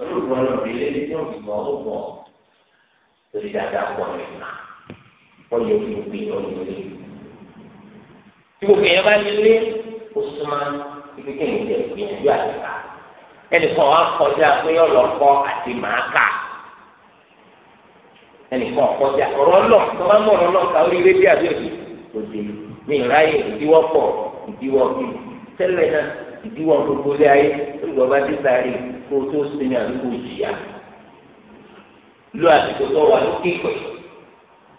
pẹ̀lú ìgbọ́nà ìdílé tí wọ́n ti mọ̀ ọ́ bọ̀ lórí dáadáa pọ̀ nípa wọ́n yẹ kí gbogbo èèyàn lè lé. tí gbogbo èèyàn bá lè lé ó súnmọ́ ibi kí èèyàn jẹ ìgbìyànjú àtìká ẹnìkan wà kọjá pé ọlọ́kọ́ àti màákà ẹnìkan kọjá ọ̀rọ̀ ọlọ́ tó bá mọ̀ ọ̀rọ̀ ọlọ́ka orí rédíò àbí òdì òdì mi ìráyè ìdíwọ́pọ̀ ìdíwọ́ bíi tẹ́lẹ̀ náà ìdíwọ́ gbogbo lé ayé olùgbọ́ bá dé sáré kó o tó sinmi àdúgbò jìyà lu àsìkò tó wà lókè pẹ̀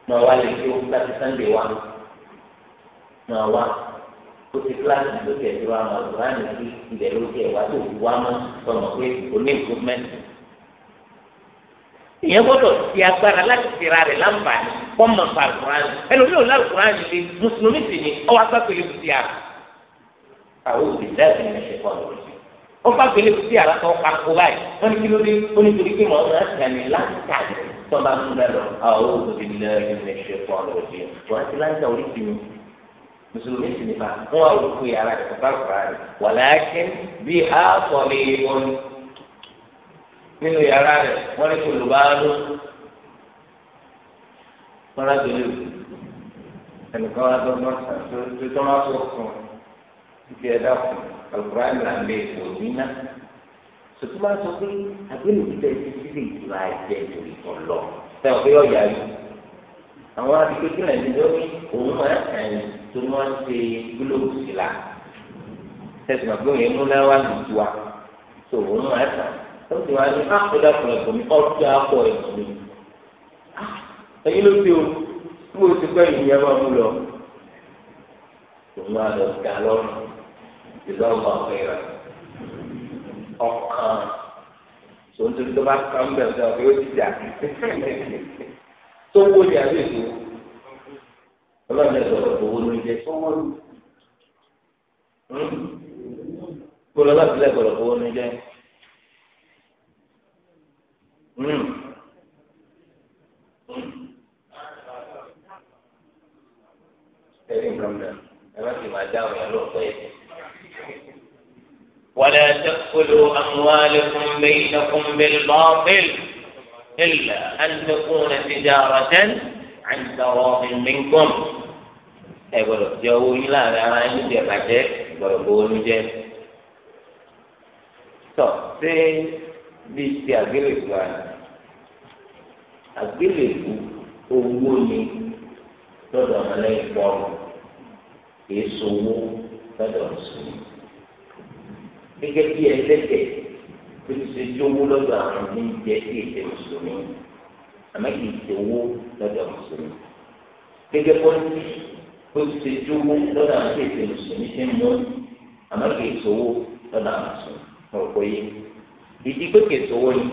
mọ̀ wá lè tó láti sànńdé wa mọ̀ wá ó ti kíláàsì tó tẹ̀ tó àwọn àlùbáàní sí ilẹ̀ lókè ẹ̀wá tó wù wá mọ́ sọmọ pé o ní improvement. ìyẹn gbọ́dọ̀ ti agbára láti fira rẹ̀ láǹfààní kọ́mọ̀ fàlùkùránì ẹlòmíràn lálùkùránì ni mùsùlùmí sì ni ọwọ́ agbápẹ̀lẹ̀ bùsíà àwọn òbílẹ̀ ẹ̀sìn ní ṣe pọ̀ lórí. wọ́n bá gbélé sí ara tó ká kó báyìí wọ́n ní kí ló dé ó ní torí pé wọ́n máa tẹ̀lé láńkà tó bá tún bẹ́ẹ̀ lọ àwọn òbílẹ̀ ẹ̀sìn ní ṣe pọ̀ lórí. wọ́n ti láńkà orí ti mi mùsùlùmí sì nípa wọ́n á wọ́n fún yàrá rẹ̀ kọ́kọ́ àkùrá rẹ̀ wàlákin bí a sọ lè wọn nínú yàrá rẹ̀ wọ́n ní kò lù bá lọ fífi ẹ̀dá kù alukóran là ń lè kò ní ná sọtú máa sọ pé àgbélò ti tẹ̀sí sílẹ̀ ìtura ẹ̀jẹ̀ torí kan lọ sẹ́wọ̀n pé ọ̀yà yìí àwọn akékeré náà ní lórí òun máa ń tó ní wọ́n ṣe gílóòbù sí la tẹ̀sí máa gbé òun yẹn mú náà wá lù tiwa tó òun máa tàn ó sì wá ní àkọ́dá kan ẹ̀kọ́ mi ọ̀dọ́ akọ ẹ̀kọ́ mi ẹ̀yin ló ti o kí o ti ìyẹn máa mú lọ òun á lọ sí alọ́run ìlú ọgbà ọ̀gbẹ́ra ọkàn tó ń tóbi tó bá kàn bẹ̀rẹ̀ sọ pé ó ti dà tó wó ni àbí èso ọlọ́run ẹ̀ sọ̀rọ̀ owó ló ń jẹ tó wó lù ẹ má fi máa dáhùn yẹn lóòótọ́ yìí. ولا تأكلوا أموالكم بينكم بالباطل إلا أن تكون تجارة عن تراض منكم ẹ gbọ́dọ̀ jẹ owó yín láàrin ara yín jẹ bàjẹ́ gbọ́dọ̀ gbowó yín jẹ tọ ṣé bí ti àgbélébù wa àgbélébù owó ni lọ́dọ̀ ọmọlẹ́yìn pọrọ kìí sowó lọ́dọ̀ mùsùlùmí gẹ́gẹ́ bí ẹlẹ́dẹ̀ tó ti ṣe jówó lọ́dọ̀ àwọn ní jẹ́ kí èdè mùsùlùmí àmọ́ kìí sowó lọ́dọ̀ mùsùlùmí gẹ́gẹ́ pọ́ńtì tó ti ṣe jówó lọ́dọ̀ àwọn tí èdè mùsùlùmí ṣe ń mú àmọ́ kìí sowó lọ́dọ̀ àwọn mùsùlùmí ìdí pé kìí sowó ni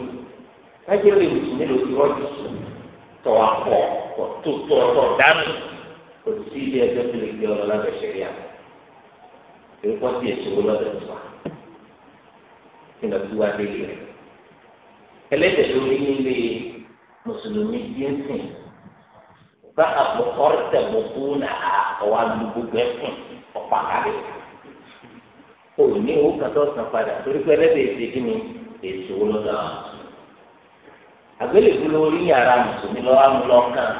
kájẹ́ kò sí ilé ẹjọ́ tó lè gbé ọ̀rọ̀ lábẹ́ sẹ́rí àná èyí pọ́ sí èso lọ́dọ̀ tó wà kí lọ sí wá délé rẹ̀ ẹlẹ́dẹ̀ tó ní nílé mùsùlùmí tí ń sìn bá àpò ọ̀rẹ́tẹ̀ bò fún náà ọ̀wá lu gbogbo ẹ̀ fún ọ̀pá kárẹ̀ o ní owó kan san padà torí pé ẹlẹ́dẹ̀ èsì kí ni èso lọ́dọ̀ àgbélébú lórí yàrá mùsùlùmí lọ́wọ́ amúlọ́kàn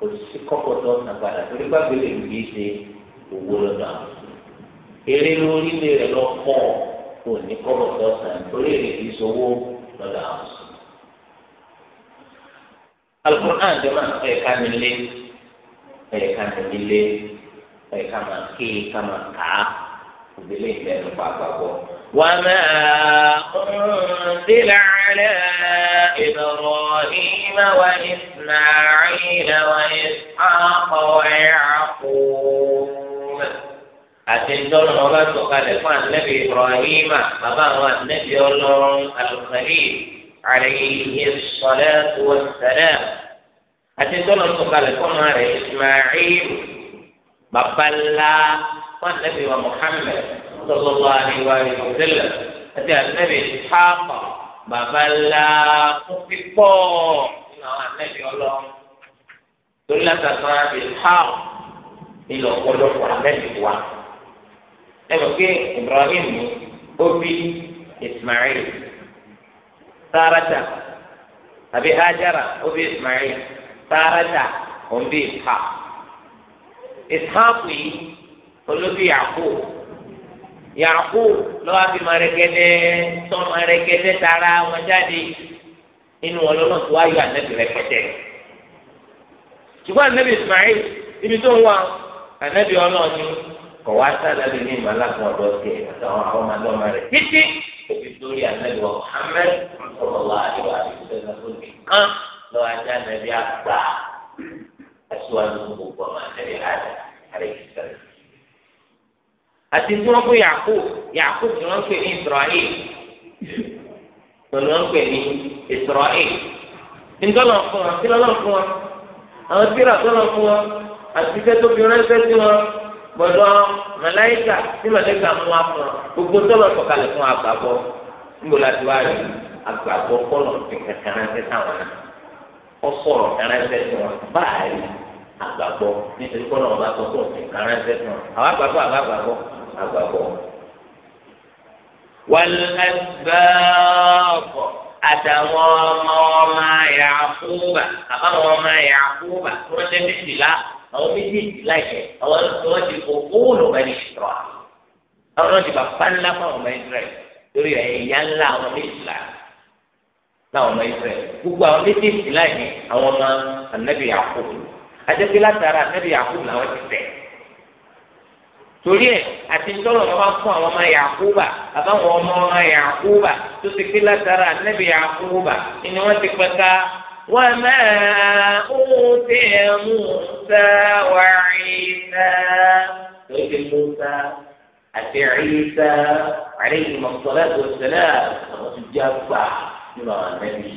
kò sí kọ́kọ́ tó ọ̀sán padà torí gbàgbé lè fi ṣe owó lọ́dọ̀ àwọn eré lórí lè rẹ̀ lọ pọ̀ kò ní kọ́kọ́ tó ọ̀sán torí lè fi ṣe owó lọ́dọ̀ àwọn sùn. alukur'an jẹ́ máa ẹ̀ka mi lé ẹ̀ka mi lé ẹ̀ka máa ké ẹ̀ka máa kà á òbílẹ̀ ìfẹ́ nípa àgbàgbọ́. wàmẹ́ àǹdílà rẹ̀. وإبراهيم وإسماعيل وإسحاق ويعقوب أتندون وبات قال النبي إبراهيم أبا النبي الله الخليل عليه الصلاة والسلام أتندون وقال كما إسماعيل بابلا والنبي محمد صلى الله عليه وسلم أتى النبي إسحاق bàbá ńlá fún pípọ̀ nínú àwọn àmẹ́bí ọlọ́run torí látàkùn àbílhàù nílò ọ̀pọ̀lọpọ̀ àmẹ́bí wa ẹ mọ̀ pé Ibrahim ní ó bí Ismail Sarata àbí Hajara ó bí Ismail Sarata ó ń bí Ishaq Ishaq yìí olóbi Yaqub yàkú lọ́wọ́ àbí mọ̀rẹ́gẹ́dẹ́ tọ́ mọ̀rẹ́gẹ́dẹ́ tara wọn jáde inú wọn lọ́nà tó wáyọ ànábì rẹpẹtẹ. ṣùgbọ́n ànábì Ismail ibi tó ń wá ànábì ọlọ́ọ̀ni kọ̀ wá sálábì ní ìmọ̀lá fún ọ̀dọ́ tiẹ̀ àtàwọn àwọn ọmọ rẹ̀ títí òbí lórí ànábì wa Muhammad ọlọ́wọ́ àdìwà àdìsẹ́nà tó nìkan ajá ànábì àgbà aṣíwájú gbogbo ọmọ ànábì àdìsẹ́nà àti tí wọ́n pè yàkó yàkó tí wọ́n pè ní israel pẹ̀lú wọ́n pè ní israel ńdọ́lọ̀ fún wọn kílọ́lọ̀ fún wọn àwọn tíra tọ́lọ̀ fún wọn àti iṣẹ́ tó fi ránṣẹ́ sí wọn gbọ́dọ̀ màláìkà tí màláìkà mú wa fún wọn gbogbo tọ́lọ̀ sọ̀kalẹ̀ fún àgbàgbọ́ níbo la ti wá rí àgbàgbọ́ kọ́lọ̀ fi kankan ránṣẹ́ sáwọn náà ó sọ̀rọ̀ kárẹ́ńtẹ́ sí wọn báyìí àgbàgbọ́ nítorí kọ́lọ̀ wọn bá sọ fún òfin kárẹ́ńtẹ́ sí wọn àwọn àgbàgbọ́ àgbàgbọ́ agbàgbọ́. wàlẹ́gbẹ́ọ̀kọ̀ àtàwọn ọmọ ọmọ Yakuba àbáwọn ọmọ Yakuba wọ́n jẹ́ méjìlá àwọn méjìlá yẹn àwọn tó wọ́n ti kó kóòlù ẹni sọ̀rọ̀ àwọn náà ti bá pánlá fún àwọn ọmọ Israẹli torí ẹ̀yà ńlá àwọn méjìlá láwọn ọmọ Israẹli gbogbo àwọn méjìlá yẹn àwọn ọmọ anabi Yakubu àjẹpẹ́ látara anabi Yakubu làwọn ti tẹ̀ torí ẹ àti ntọ́lọ̀ máa ń fún àwọn ọmọ Yakuba àbáwọn ọmọ ọmọ yàkúbà tó ti pé látara ànábì yàkúbà ni wọ́n ti pẹ́ka wọ́n máa ń tẹ̀ mú sá wàrí sá lóde mú sá àti rí sá àrí ìmọ̀tọ́lá tó ṣẹlẹ̀ àwọn tó já gbà nínú àwọn ànábì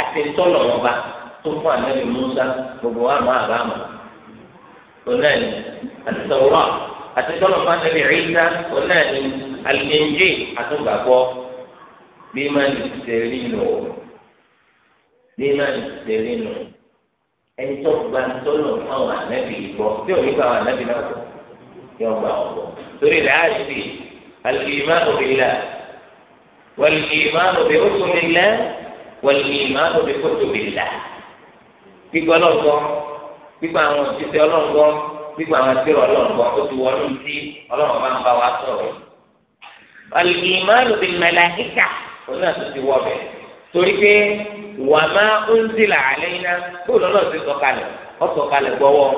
àti ntọ́lọ̀ bá tó fún ànábì mú sá gbogbo wa máa bá mọ̀ onáni àtẹwọ́ àtẹtọ́lọ̀ fanabi ẹ̀yíṣà onáni alìyẹnjẹ àtúgbàgbọ́ bí mani tẹ̀rí nù bí mani tẹ̀rí nù ẹni tó gba tọ́lọ̀ fáwọn ànábì gbọ́ tí òní gba àwọn ànábì náà gbọ́ yọ gba wọn gbọ́ torí rẹ̀ á sì alìyẹmánù bìlá wàlìyẹmánù bìlá wàlìyẹmánù bìlá gbígbọ́ náà gbọ́ gbígbà àwọn òṣìṣẹ́ ọlọ́ngbọ́ gbígbà àwọn àtìrọ̀ ọlọ́ngbọ́ ó ti wọnú sí ọlọ́run bá ń bá wa sọ̀rọ̀. al-imanu bil malaika oní àtúntì wọ bẹ̀ torí pé wa ma unzila alayna kó lọ́nà ti sọ̀kalẹ̀ ó sọ̀kalẹ̀ gbọ́wọ́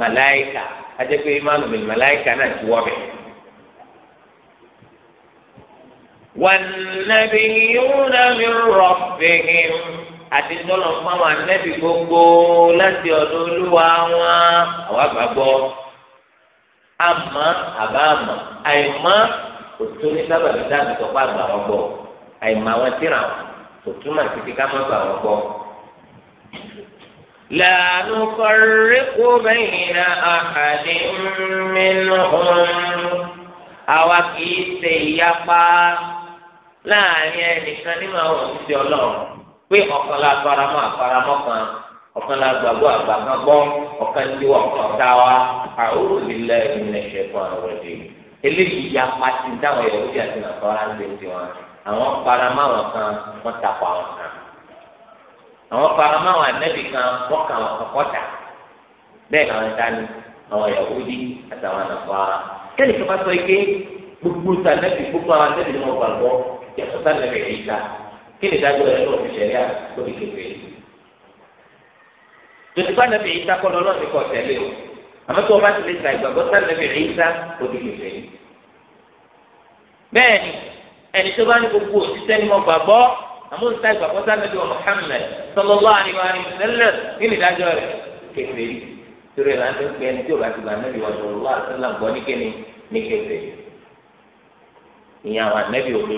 màláìkà ajẹ́ pé imanu bil màláìkà náà ti wọ bẹ̀. والنبيون من ربهم àti tọ́lọ̀ fún àwọn anẹ́bí gbogbo láti ọ̀dọ̀ olúwa wọn àwọn àgbàgbọ́ àmọ́ àbá àmọ́ àìmọ́ òtún ní sábàbí dáàbò tọ́pọ̀ àgbà wọn gbọ́ àìmọ́ àwọn tíra wọn òtún máa ti fi ká má gbà wọn gbọ́. لا نفرق بين أحد منهم àwa kì í ṣe ìyapa láàrin ẹnìkan nínú pé ọ̀kan la faramọ́ àfaramọ́ kan ọ̀kan la gbàgbọ́ àgbàkan gbọ́ ọ̀kan tí wọ́n kàn dá wa àwòrán lílẹ̀ ìrìnà ìṣẹ̀kùn àwọn ọ̀dẹ́ eléyìí ya pati dáwọn ẹ̀rọ bí àti nàkọ́ra ń lè tiwọn àwọn faramọ́ àwọn kan wọ́n tapọ̀ àwọn kan àwọn faramọ́ àwọn anẹ́bì kan wọ́n kàn wọ́n kọ́kọ́ ta bẹ́ẹ̀ làwọn dání àwọn Yahudi àtàwọn nàkọ́ra kẹ́lẹ́ tó bá sọ ike gbogbo sanẹ́bì gbogbo àwọn anẹ́bì ni wọ́n gbàgbọ́ yàtọ̀ sanẹ́bì yìí ta kí lè dájọ́ ẹ̀ lọ́wọ́ ìṣẹ̀lẹ̀ lórí kékeré. tòṣìpá nàbì ìta kọ́ lọ́wọ́ ti kọ́ tẹ̀lé o àmọ́ tó o bá ti lè ta ìgbàgbọ́ sá nàbì ìta lórí kékeré. bẹ́ẹ̀ni ẹni tó bá ní gbogbo òṣìṣẹ́ ni mo gbàgbọ́ àmọ́ ń ta ìgbàgbọ́ sá nàbì wa sallam kí lè dájọ́ rẹ̀ kékeré. torí ẹ̀ láti ń pè ẹni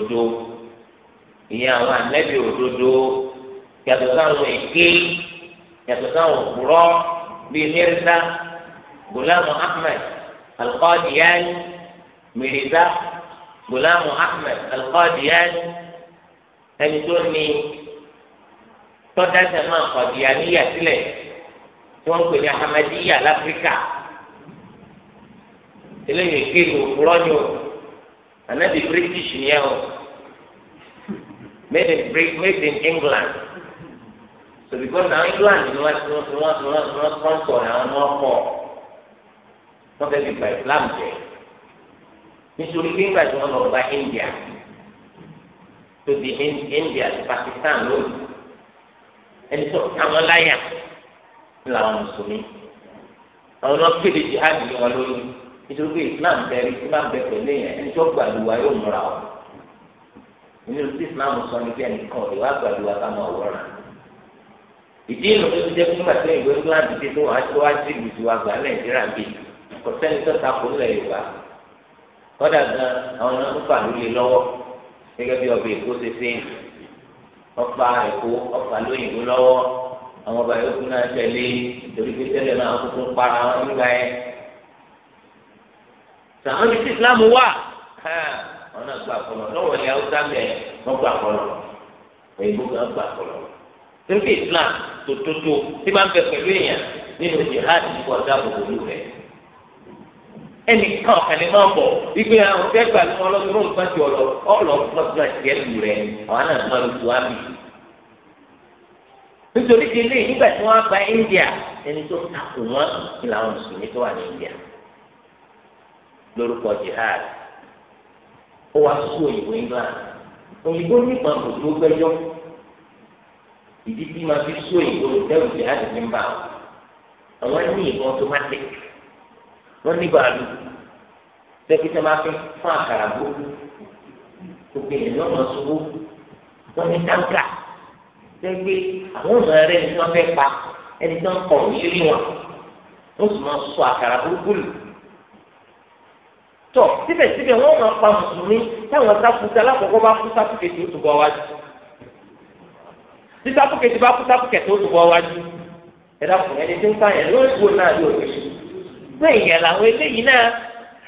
tí ìyẹn àwọn ànábì òdodo yàtọ̀ sáwọn èké yàtọ̀ sáwọn òkúrọ́ bíi mẹ́rìndà gùlámù ahmed alqadiyani mẹ́rìndà gùlámù ahmed alqadiyani ẹni tó ní tọ́dájà náà kọ̀díyaníyà sílẹ̀ tí wọ́n ń pè ní ahamadíyà láfíríkà eléyìí èké òkúrọ́ ni o ànábì british ni ẹ o made in Britain, made in England. So because now England ni wọ́n ti wọ́n ti wọ́n ti wọ́n ti wọ́n sponsor àwọn ọmọ ọkọ̀ wọ́n fẹ́ẹ́ fi gba Islam jẹ. Nítorí pé nígbà tí wọ́n lọ gba India tó di India àti Pakistan lónìí ẹni tó àwọn láyà ń làwọn mùsùlùmí àwọn náà kéde jihad ní wọn lórí nítorí pé Islam bẹ̀rẹ̀ Islam bẹ̀rẹ̀ lẹ́yìn ẹni tó gbàdúrà yóò múra wọn. nínú tí islam sọ ní bí ẹnìkan ọ̀dẹ̀ wá gbàdú wa ká máa wọ́ra ìdí ìlú tó ti jẹ́ fún gbàtẹ́ ìwé england ti tó wá tó wá sí ìlú tiwa gbà nàìjíríà bí kò sẹ́ni tó ta kò nílẹ̀ yorùbá kọ́dà gan àwọn náà tó fà lólè lọ́wọ́ gẹ́gẹ́ bí ọbẹ̀ èkó ṣe ṣe ọ̀pá èkó ọ̀pá lóyìnbó lọ́wọ́ àwọn ọba yòókù náà tẹ̀lé torí pé tẹ́lẹ̀ náà ń para àwọn náà gbà kọlọ lọ́wọ́ ilẹ̀ haúsá bẹ̀ wọ́n gbà kọlọ òyìnbó kan gbà kọlọ. torí islam tó tó tó tí bá ń bẹ pẹ̀lú èèyàn nínú jihad nípa ọ̀dà àbòbò lù rẹ̀. ẹnìkan ọ̀kan ni máa ń bọ̀ wípé àwọn fẹ́ gbà tí wọ́n lọ́dún lóun gbàtì ọ̀lọ́ ọ̀lọ́ gbàgbà tiẹ̀ lù rẹ̀ àwọn náà máa lù wá bì. nítorí ti ilé nígbà tí wọ́n gba India ẹni tó takò wọn ni làwọn mùsùlùmí tó wà ní India lórúkọ jihad ó wá sí òyìnbó england òyìnbó nípa kò tó gbẹ́jọ́ ìdí tí máa fi sí òyìnbó lòdẹ́rù sí láti fi ń bá àwọn ní ìbọn automatic wọ́n ní bàálù tẹkítẹ máa fi fún àkàrà burúkú gbogbo èèyàn náà máa sọ wọ́n ní táǹkà tẹgbẹ àwọn ọmọ rẹ ni wọ́n fẹ́ẹ̀ pa ẹni tó ń kọ òyìnbó wọn wọ́n sì máa sọ àkàrà burúkú lò tọ síbẹ̀síbẹ̀ wọ́n máa pa mùsùlùmí táwọn sáfùkẹ́ alákọ̀ọ́kọ́ bá kú sáfùkẹ́tì ó tún bọ́ wájú tí sáfùkẹ́tì bá kú sáfùkẹ́tì ó tún bọ́ wájú ẹ̀dá fún ẹni tí ń pààyàn lórí ìwò náà yóò rí bẹ́ẹ̀ yẹn làwọn eléyìí náà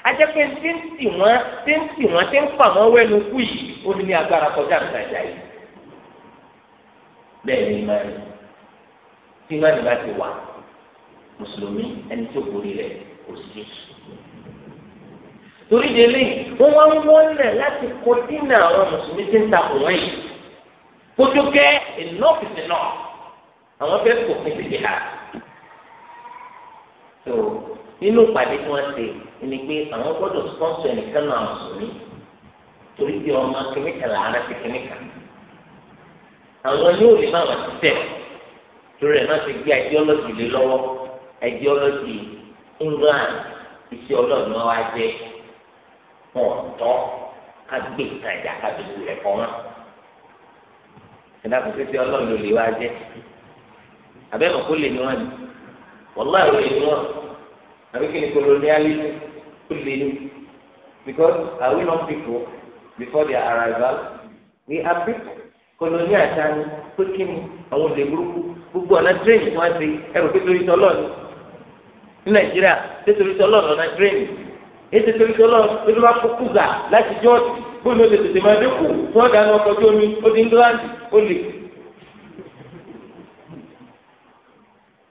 ajẹ́pẹ́ tí ń tì wọ́n tí ń tì wọ́n tí ń fà wọ́n wẹ́nu kú yìí ó ní agbára kọjá àgbàjá yìí bẹ́ẹ̀ ni ìmáàlì tí ìmáàlì bá ti wà mùsùlùmí ẹni tó borí rẹ̀ kò sí torí délé wọn wá ń wọlé láti kó dínà àwọn mùsùlùmí tí ń ta òun yìí kótókẹ́ enough is enough àwọn fẹ́ kò fún ti dìhà tó nínú ìpàdé tí wọ́n ṣe ni pé àwọn gbọ́dọ̀ sponsor ẹnìkan náà mùsùlùmí torí pé ọmọ kìnnìkan làárẹ̀ ti kìnnìkan àwọn yóò lè má wọn ti tẹ̀ torí ẹ̀ má ti gbé ideology lé lọ́wọ́ ideology England iṣẹ́ ọlọ́run náà wá jẹ́ wọn tọ́ ká gbé nǹkan ìjà ká fi wulẹ̀ kọ́ wọn. ìdàkùn títí ọlọ́run ló lè wá jẹ́ àbẹ́mọ̀ kó lè ní wọn ni wọ́lá ìwé ni wọn àbí kí ni colonialism kó lè ní because are we not people before their arrival we are people colonial tani pé kí ni àwọn olè burúkú gbogbo ọ̀nà drain tí wọ́n ti ẹrù pé torí tọ́lọ́ ni ní nàìjíríà pé torí tọ́lọ́ lọ́nà drain ètò torí tó lọ tóbi bá kó kúzà láti jọ́ọ̀tì bóyá o lè tètè máa dínkù tí wọ́n dáná ọkọ̀ tí omi ó di ńgíláńdì ó lè.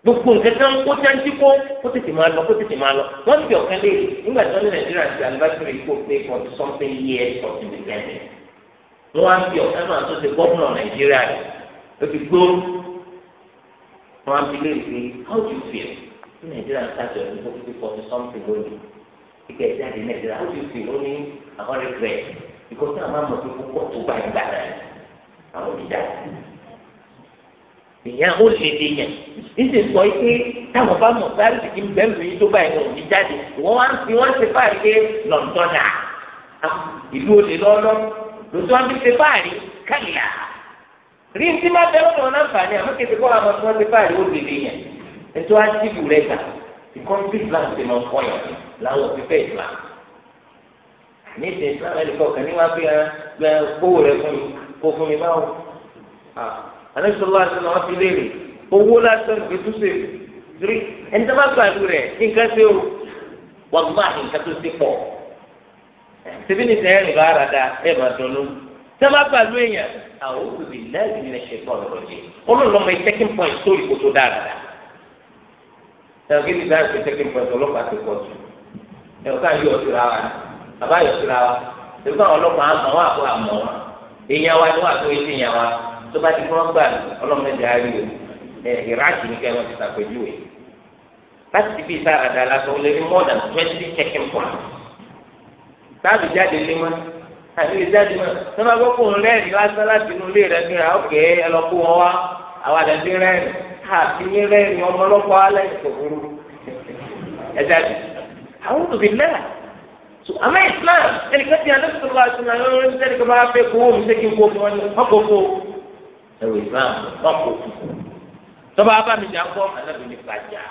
gbogbo nǹkan tí wọ́n kó jáńtí kó kó tètè máa lọ kó tètè máa lọ wọ́n ti ọ̀kan léèrè nígbà tí wọ́n ní nàìjíríà ti alibásírì kó pé for something years of independence. wọ́n á fi ọ̀kan náà tó ṣe gọ́vùnà nàìjíríà rẹ̀ ó ti gbó wọ́n á fi léèrè pé how do you feel? ní nàìjíríà ń sáàtọ̀ ẹ̀ ìgbẹ́ ìjáde nàìjíríà ó ti fi lóní àwọn rẹ̀ ìkọ́ tí àwọn amọ̀ tó púpọ̀ tó bá ìgbà náà àwọn ìjà ìyẹn ó lè dé yẹn ìsì sọ pé táwọn bá mọ̀ pé àrùsìkì ń bẹ́ẹ̀ lóyún tó bá ìwọ̀n òní jáde wọ́n wá ń fi wọ́n ṣe fáàrí pé lọ́ńdọ́nà ah, ìlú olè lọ́lọ́ lóṣù wọn fi ṣe fáàrí kàlà rí ní tí má bẹ́ẹ̀ lọ́dọ̀ náà àmọ́ kí n ti kọ́ àwọn tí wọ́n ṣe fáàrí ó lè dé yẹn ètò àtìkù rẹ̀ gbà because bí islam ti máa ń kọ́ yàn láwọn òfin fẹ́ islam ní ìsìn islam ẹni kọ̀ọ̀kan ní wàá fi ẹ ah, gbówó rẹ fún mi kó fún mi báwo anẹ́sọ̀lá àti náà fi léèrè owó lásán ìgbé tó ṣe rí ẹni tó bá gbàdú rẹ̀ nǹkan ṣe o wọ́n gbọ́ àti nǹkan tó ṣe pọ̀ tẹ̀bí eh, ní sẹ́yìn rìn bá ara ẹ̀ máa dunnú tí wọ́n bá gbàdú èèyàn àwọn òkùnrin náà ìgbìmọ̀ ṣe pọ̀ lọ́rọ̀ yìí olóòlọ́mọ ìtẹ́kìn pọ̀ ìsórí ẹ̀rọ kí nìkan ṣe tẹ́kìn pẹ̀lú ọlọ́pàá ti pọ̀ jù ẹ̀rọ ká yọ síra wa bàbá yọ síra wa ṣùgbọ́n àwọn ọlọ́pàá àmọ́ wà kó àmọ́ wa èèyàn wa ni wà tó yé èèyàn wa tó bá ti fọ́n gbà ọlọ́mọdé ayé o ìrákì ní kẹ́hìn ti sàpèjúwe láti bí sáà àdàlà sọ lé ní more than twenty checking points táàbì jáde lé mọ́ àbí jáde mọ́ tó bá gbọ́ kó ń rẹ́ẹ̀rì lásán láti inú ilé rẹ̀ ní ọ̀kẹ́ ẹ lọ kó wọn àti rẹ ni ọmọ ọlọ́kọ alẹ́ ìṣòro ẹ̀dá bi àwọn òbí náà so àmọ́ Islam ẹnìkan ti àdókò tó bá a sinmi àwọn ọmọ ẹnìkan bá fẹ́ kó wọ́n mi ṣe kí n kó fún wọn ní ọkọ̀ fún ẹ̀rọ Islam ọkọ̀ tọ́ba abámi jà ń kọ́ alábìnrin gbàjà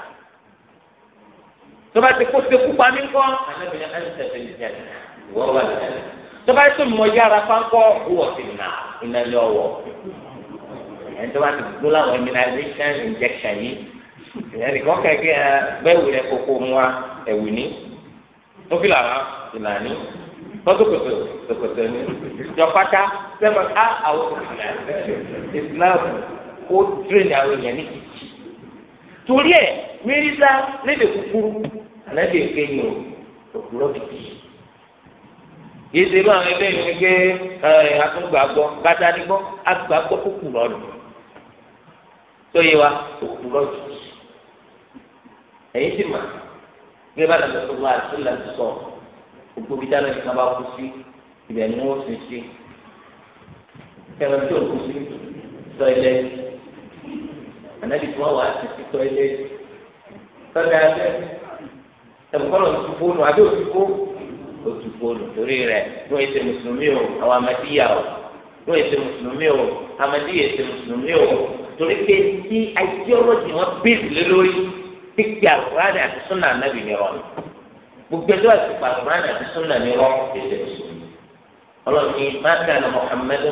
tọ́ba ti kó sekú pa mí kọ́ alábìnrin alẹ́sẹ̀fẹ̀ ní ìjà ìwọ́ wà lẹ́yìn tọ́ba ti mọ̀ yára pa ń kọ́ wọ́ọ̀sì nà ìnáyọ̀ wọ̀ ẹni tó bá ti dúró láwọn immunization injection yìí ìyẹn nìkan kẹ̀kẹ́ ẹ bẹ́ẹ̀ wù rẹ kókó mu wa ẹ̀wù ní tó fi làrá ìlà ní tọ́tòkòtò tòkòtò ní ìjọpátá sẹ́mọ̀ á àwọn ìlà Islam ó tírèdì àwọn èèyàn ní kìkì torí ẹ̀ mírísà lédè kúkúrú ànábì èké ni o òkúrọ̀ kìkì yìí ṣe bí àwọn ẹgbẹ́ yìí ń gbé àtúngbà gbọ́ bàtà ní gbọ́ àgbà gbọ́ kúkú tó yé wa òkú lọ́jọ́ ẹ̀yin sì mà gbé bá dàgbà tó wá àti ìlànà sọ òkú bí dáná ìkan bá kú sí ibẹ̀ ni wọ́n sì sí kẹrin tó kú sí sọ ilé ànábi tí wọ́n wà á sì sí sọ ilé sọ́dọ̀ abẹ́ ẹ̀fọ́nà ti fóònù àbí òtún kó òtún fóònù torí rẹ̀ wọ́n èsè mùsùlùmí o àwọn amadíyà o wọ́n èsè mùsùlùmí o amadíyà èsè mùsùlùmí o torí pé tí ideology wọn bíìsì lé lórí pípẹ́ àlùkùránì àti súnà nàbì ní rọ́ọ̀nù gbogbo ẹjọ́ àti àlùkùránì àti súnà ní rọ́ọ̀nù ẹ̀jẹ̀ mùsùlùmí ọlọ́ọ̀ni máta ní muhammadu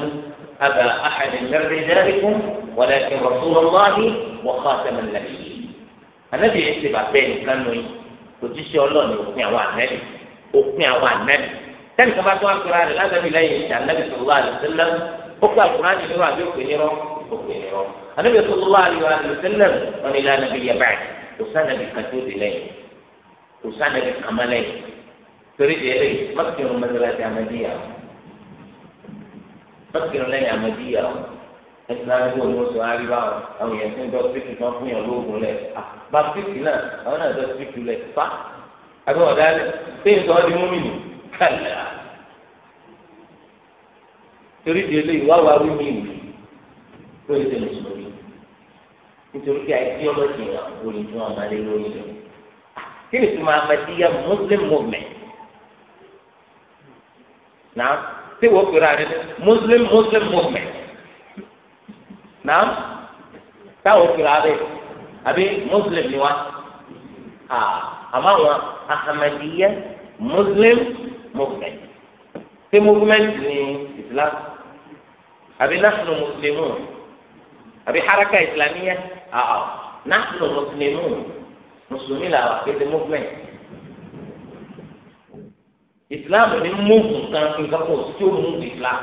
abba ahadi mẹ́rin dẹ́rẹ́kùn wàlẹ́kìn rasulillahi wa khataman nabiyyin anabi yẹn ti bàbá ẹni kan lóyún òjíṣẹ́ ọlọ́ọ̀ni òpin àwọn ànẹ́bì òpin àwọn ànẹ́bì obìnrin wọn anabi sallallahu alaihi wa sallam wọn ni lánàá bí yaba ẹ kò sànàbí kan tó di lẹ́yìn kò sànàbí kan má lẹ́yìn torí di ẹlẹ́yìn mọ́kìrún mọ́tàlásí amadíyà mọ́kìrún lẹ́yìn amadíyà ẹsìn náà bí olùwọ́n sọ àríwá wọn àwọn èèyàn ti ń dọ́ sípìtì kan fún yàn lóògùn lẹ̀ bá sípìtì náà àwọn náà dọ́ sípìtì lẹ̀ fa àbí wọn dá lẹ sẹ́yìn sọ ọ di múmìnì kàlẹ́ torí di eléyìí wá wá wí mí ìwé lórí ṣe mùsùlùmí nítorí pé àìsí ọmọ ìjìnlẹ̀ òní tí wọ́n máa lé lórí rẹ̀ kí ni tuma Ahmadiyya Muslim movement náà tí wọ́n pèrè àrẹ Muslim Muslim movement náà táwọn pèrè àrẹ àbí Muslim ni wá àmọ́ àwọn Ahmadiyya Muslim movement tí movement ni Islam àbí nahnu Muslimun àbí haraka islamiyya àà nàánú mùsùlùmí mùsùlùmí là wà kéde movement islam ní múùfù kan nǹkan kò sí tó mú islam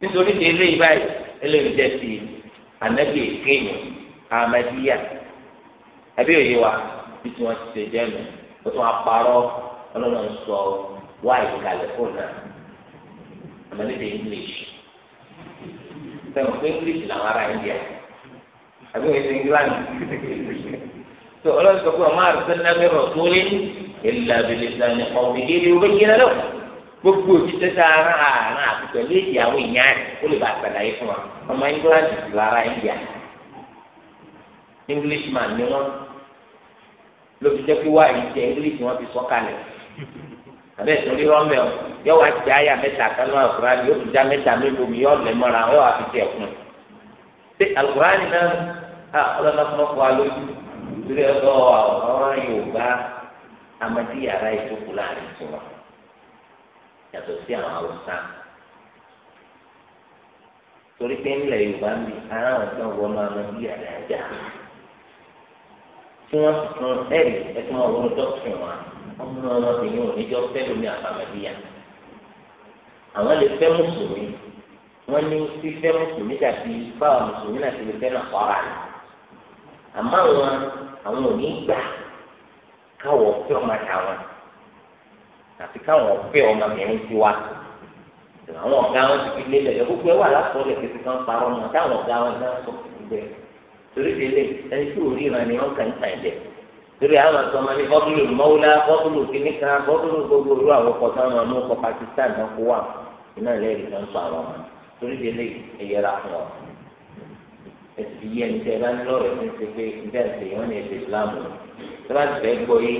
nítorí tí eléyìí báyìí eléyìí jẹ ti anabi èkéyìn ahmadiyya àbí òye wa bí tí wọn ti ṣe jẹ nù ó tún apárọ ọlọ́run sọ wáyé kalẹ̀ fún náà àmọ́ níbi english sẹ́wọ̀n ah, pé english làwọn ará india àbí wọ́n ti england tó ọlọ́run sọ pé ọmọ àrùsọ nàbẹ rọ tó lé ìlà abìlẹsà ni ọmọ ìdílé owó yẹn lọ gbogbo òṣìṣẹ́ tá a rán àárín àti pẹ̀lú àwọn èèyàn rẹ̀ ó lè bá àgbàláyé fún wa ọmọ england lára india englishman ni wọn ló fi jẹ́ pé wáyé jẹ́ english wọn fi sọ kalẹ̀ àbẹ ìtòlí rọmẹ o yọ wá ti àyà mẹ́ta kanú alukurani yóò fi já mẹ́ta mélòó mi yọ lẹ mọra yọ wá fi tiẹ̀ kún ṣé alukurani náà a ọlọ́nà fún ọkọ alójú ìdúró ẹ̀rọ ọ̀rọ̀ yorùbá amadi yàrá ìjókòó láàrin tiwọn yàtọ̀ sí àwọn haúsá torí pé ńlẹ̀ yorùbá ń bi ara àwọn tó wọnú amadi yàrá tí wọ́n ti tún ẹ̀rí ẹ̀tún ọ̀rọ̀ dọ́kítì wọn ọmọ èyí ò ní jọ fẹ́ lómi àbàmọ̀díyà àwọn lè fẹ́ mùsùlùmí wọ́n ní fífẹ́ mùsùlùmí dàbí báwa mùsùlùmí náà ti lè fẹ́ náà kọ́ra rẹ̀ àmọ́ àwọn àwọn ò ní gbà káwọ̀ fẹ́ ọmọ tàwọn àti káwọ̀ fẹ́ ọmọ mìíràn ti wá àwọn ọ̀gá wọn ti fi lélẹ̀ ẹ̀ gbogbo ẹ̀ wà lásọ̀ọ́lẹ̀ kí ti kàn parọ́ mọ́ táwọn ọ̀gá wọn náà sọ fún un bẹ́ẹ̀ torí délé ẹni tí ò ríran ni wọ́n ń tàn jẹ́ torí àwọn àtọmọ ní bọ́dúlù mọ́wúlá bọ́dúlù kìnnìkà bọ́dúlù gbogbo irú àwọn ọkọ̀ táwọn ọmọ ọkọ̀ Pakistan náà kó wà iná lẹ́yìn náà ń pa àwọn ọmọ torí délé ẹ̀yẹra fún ọ ẹsì yẹ ní tẹ ẹ bá ní lọ́rọ̀ ẹsẹ ṣe pé ìdá ẹsẹ yẹn wọn ní ẹsẹ ìsìlámù tí wọn fẹẹ gbọ́ yìí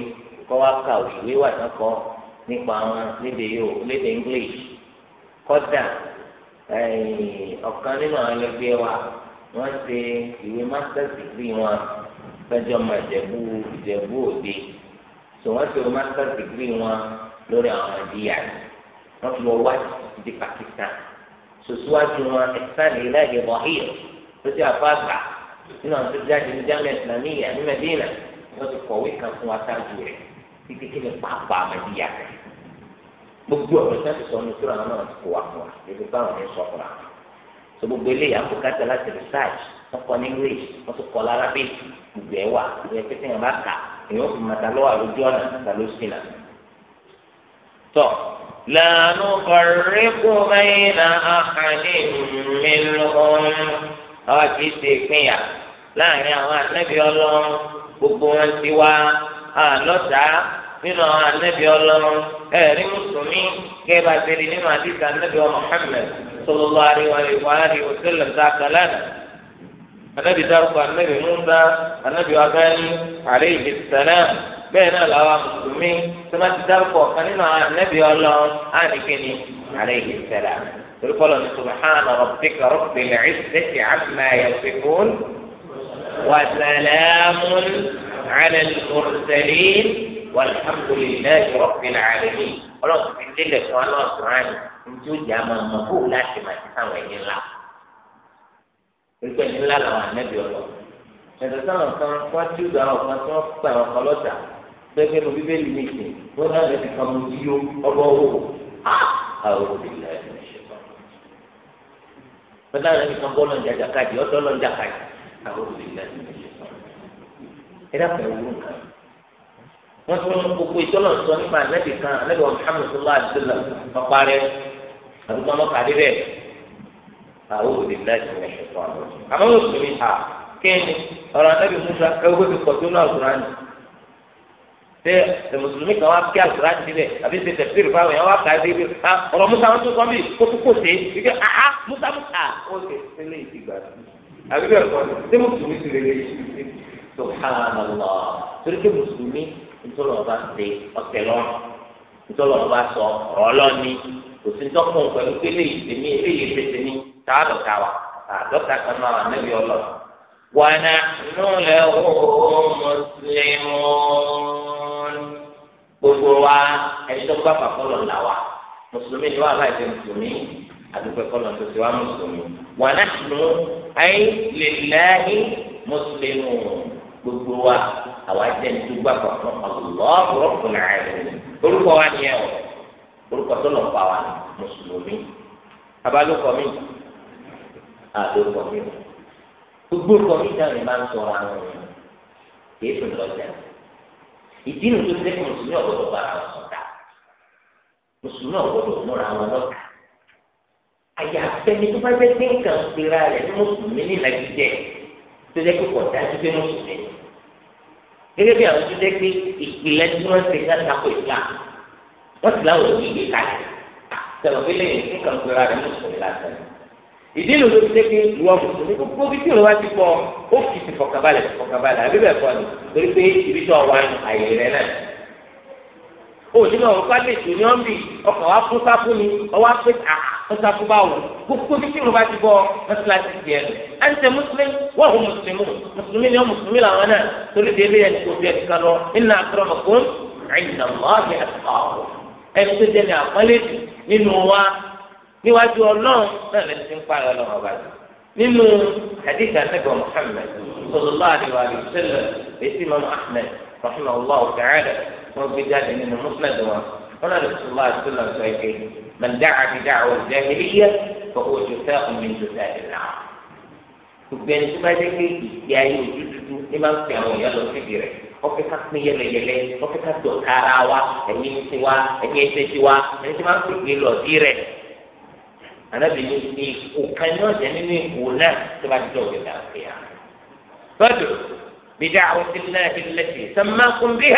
kọ wá kà òṣèré wà tán kọ nípa àwọn lédè yóò fẹjọ ma ìjẹ̀bú ìjẹ̀bú òde tó wọn ti master degree wọn lórí àwọn ìdíyà wọn fi wọn wá di Pakistan sòsíwájú wọn ẹsán ìlàjì wàhíyà tó ti àfáàgbà nínú àwọn tó jáde ní Jamia Islamiyya ní Medina wọn ti kọ̀wé kan fún aṣáájú rẹ̀ títí kí ni pàápàá àmàdíyà rẹ̀ gbogbo ọ̀rọ̀ sẹ́ńtì sọ́nù tó rà náà ti kó wa fún wa ètò báwọn ní sọ́kùnrin so gbogbo eléyà ń bùkátà láti research wọn kọ ní english wọn tún kọ lára bí gbogbo ẹ wà gbogbo ẹ pẹtẹ yẹn bá kà èèyàn fi màtà lọ wà lójú ọ̀nà màtà ló sì nà. tọ lànà kọ̀ríkù mẹ́yìnà àkàní mílíọ̀n àwọn kì í ṣe ìpínyà láàrin àwọn ànábì ọlọ́run gbogbo wọn ti wá àlọ́ta nínú àwọn ànábì ọlọ́run ẹ̀rí mùsùlùmí kẹ́ bá ṣe rí nínú àdìsá ànábì ọmọ Muhammad sallallahu alaihi wa alihi wa sallam dáka lánàá anabi dárúkọ anabi Musa anabi wagani alaihi salam bẹ́ẹ̀ náà làwọn mùsùlùmí tí wọ́n ti dárúkọ ọ̀kan nínú anabi ọlọ́run ànìkíni alaihi salam tolukọlọ ní subahana rabbika rabbil izzati amma yasifun wa salamun ala al-mursalin walhamdulillahi rabbil alamin ọlọ́run ti délẹ̀ fún anáà sùn ánì ntí ó jẹ́ àmọ́ ọmọ kó láti máa ti sáwọn ẹni ńlá pípẹ́ ńlá làwọn ànábì ọ̀rọ̀ ẹ̀sẹ̀ sáwọn kan wọ́n ti gbà àwọn kan tí wọ́n pa àwọn kan lọ́jà gbẹgbẹ́ nu bíbélì ní ìsìn wọ́n náà lè fi kan mu yí ó ọgbọ́n owó àwọn obìnrin náà lè ṣe bọ́ wọ́n náà lè fi kan bọ́ lọ́njà jàkadì ọ̀dọ́ lọ́njà kadì àwọn obìnrin náà lè ṣe bọ́ ẹ dákun ẹ̀wù nǹkan wọ́n tún gbogbo ìtọ́lọ̀ sọ nípa ànábì kan ànábì Muhammad sallallahu alaihi wasallam àti kọ́ mọ́kà dé bẹ́ẹ̀ àwọn òbí láti ní ẹ̀fọ́ àwọn ọ̀sẹ̀. àmọ́ yóò tún mi hà kéènì ọ̀rọ̀ àtẹ́bí musa ẹgbẹ́ fi kọ̀ tó ní àgùránì. ṣé ẹ mùsùlùmí kan wá kí àgùránì síbẹ̀ àbí ṣe tẹ̀síìrì fáwọn èèyàn wá kà á dé ibi ọ̀rọ̀ musa wọn tún kọ́ bí kó kò sí ibi àá musa musa ó ṣe sílé ìdìgbà àbí bẹ́ẹ̀ kọ́ ṣé mùsùlùmí ti rere subhanallah torí pé mùsùlùmí ntọ́lọ́ kò sí tọkùn pẹ̀lú pé lè yìí tèmi lè yìí tètè mi tá a dọ̀tà wa tá a dọ̀tà kan náà wà níbi ọlọ́ wọn nù lẹ wọ mùsùlùmún gbogbo wa ẹni tó gbà fàkọlọ là wa mùsùlùmí ni wàhálà ìṣe mùsùlùmí àdúgbò kọlọ tó ti wá mùsùlùmí wọn nù ayé lè lẹ́yìn mùsùlùmí gbogbo wa àwa jẹ́ ní tó gbà fàkọlọ lọ́ọ̀rọ̀ fúnra rẹ̀ orúkọ wa ni ẹ̀ wọ̀ orúkọ tó lọ́ọ́ pa wà ní mùsùlùmí abalókọ mi àlókọ mi gbogbo kọ mi dáhùn ìbá ń sọ̀rọ̀ àwọn ènìyàn kìí sùn lọ́jà ìdí nu tó tẹ́kọ̀ mùsùlùmí ọ̀gbọ́dọ̀ bá àwọn sọ̀tà mùsùlùmí ọ̀gbọ́dọ̀ múra àwọn lọ́tà àyàfẹ́ni tó bá fẹ́ dé nǹkan pera rẹ̀ ní mùsùlùmí ní nàìjíríà tó jẹ́ pé kọ̀ọ̀tà ti mùsùlùmí gẹ́gẹ́ bí àwọn tó jẹ́ pé ìpìlẹ̀ tí wọ́n ti ká takò ìlànà wọ́n ti láwọn òbí gbé kalẹ̀ sọ̀rọ̀ pé lẹ́yìn tí kan pera rẹ̀ mùsùlùmí lásán ìdí ìlú ló ti dé pé ìwọ mùsùlùmí gbogbo bí tí ìlú wá ti pọ̀ ó fi ti fọkànbalẹ̀ fọkànbalẹ̀ àbí bẹ́ẹ̀ kọ́ ni torí pé ibi tó wà ní àyè rẹ̀ náà òní náà wọ́n kálẹ̀ tó ní ọ́nbì ọkọ̀ wa fún sáfù ni ọwọ́ pé à fún sáfù bá wù gbogbo bí tí ìlú bá ti bọ̀ mọ́sálásí tiẹ̀ nù à ń tẹ mùsùlùmí wọ́n hù mùsùlùmí mùsùlùmí ni wọ́n mùsùlùmí làwọn náà torí ẹni tó jẹ́ ní àpọ́nlé jù nínú wa níwájú ọlọ́run náà lẹ́nu ti ń parí ọlọ́run ọba jù nínú hadith anabiwa muhammed sallallahu alayhi wa sallam esi imam ahmed rahimahullah ta'ala wọn gbé jáde nínú musnad wa wọn náà lọ sọlá àdúrà sọ èké man da'a bi da'wa al-jahiliyya fa huwa jutha'un min jutha'i an-nar gbogbo ẹni tó bá dé pé ìgbé ayé ojú dúdú ní ọfẹ ká pín yẹlẹyẹlẹ ọfẹ ká dọ kára wa ẹyin ti wa ẹyin ẹsẹ ti wa ẹyin ti máa ń pèpè lọ sí rẹ anabi ní ìkó kan ní ọjà nínú ìkó náà tó bá dọ ọjà dà sí ya. bọ́dù bíjà àwọn ti náà ti lẹ́sì sàmákùn bí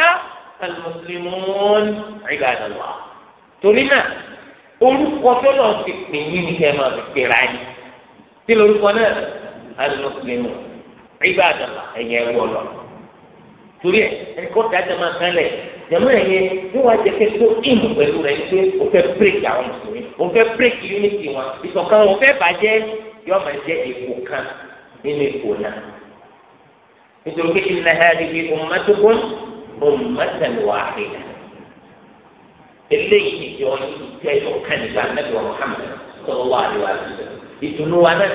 torí náà orúkọ tó lọ ti pè yín ní kẹ́ máa fi pèrè ayé tí lórúkọ náà alimusulimun ibadallah ẹ̀yẹ wọ̀ torí ẹ ẹni kọ́ da jama kan lẹ̀ jama yẹn ní wàá jẹ kí tó im pẹ̀lú rẹ pé o fẹ́ bírèkì àwọn mùsùlùmí o fẹ́ bírèkì unity wọn ìṣọ̀kan wọn o fẹ́ bàjẹ́ yọ máa jẹ èkó kan nínú èkó náà nítorí pé inna hadhihi ummatukum ummatan wahida eléyìí ìjọ ìjẹ ìṣọ̀kan nígbà mẹ́tọ́ Muhammad sallallahu alaihi wasallam ìtùnú wa náà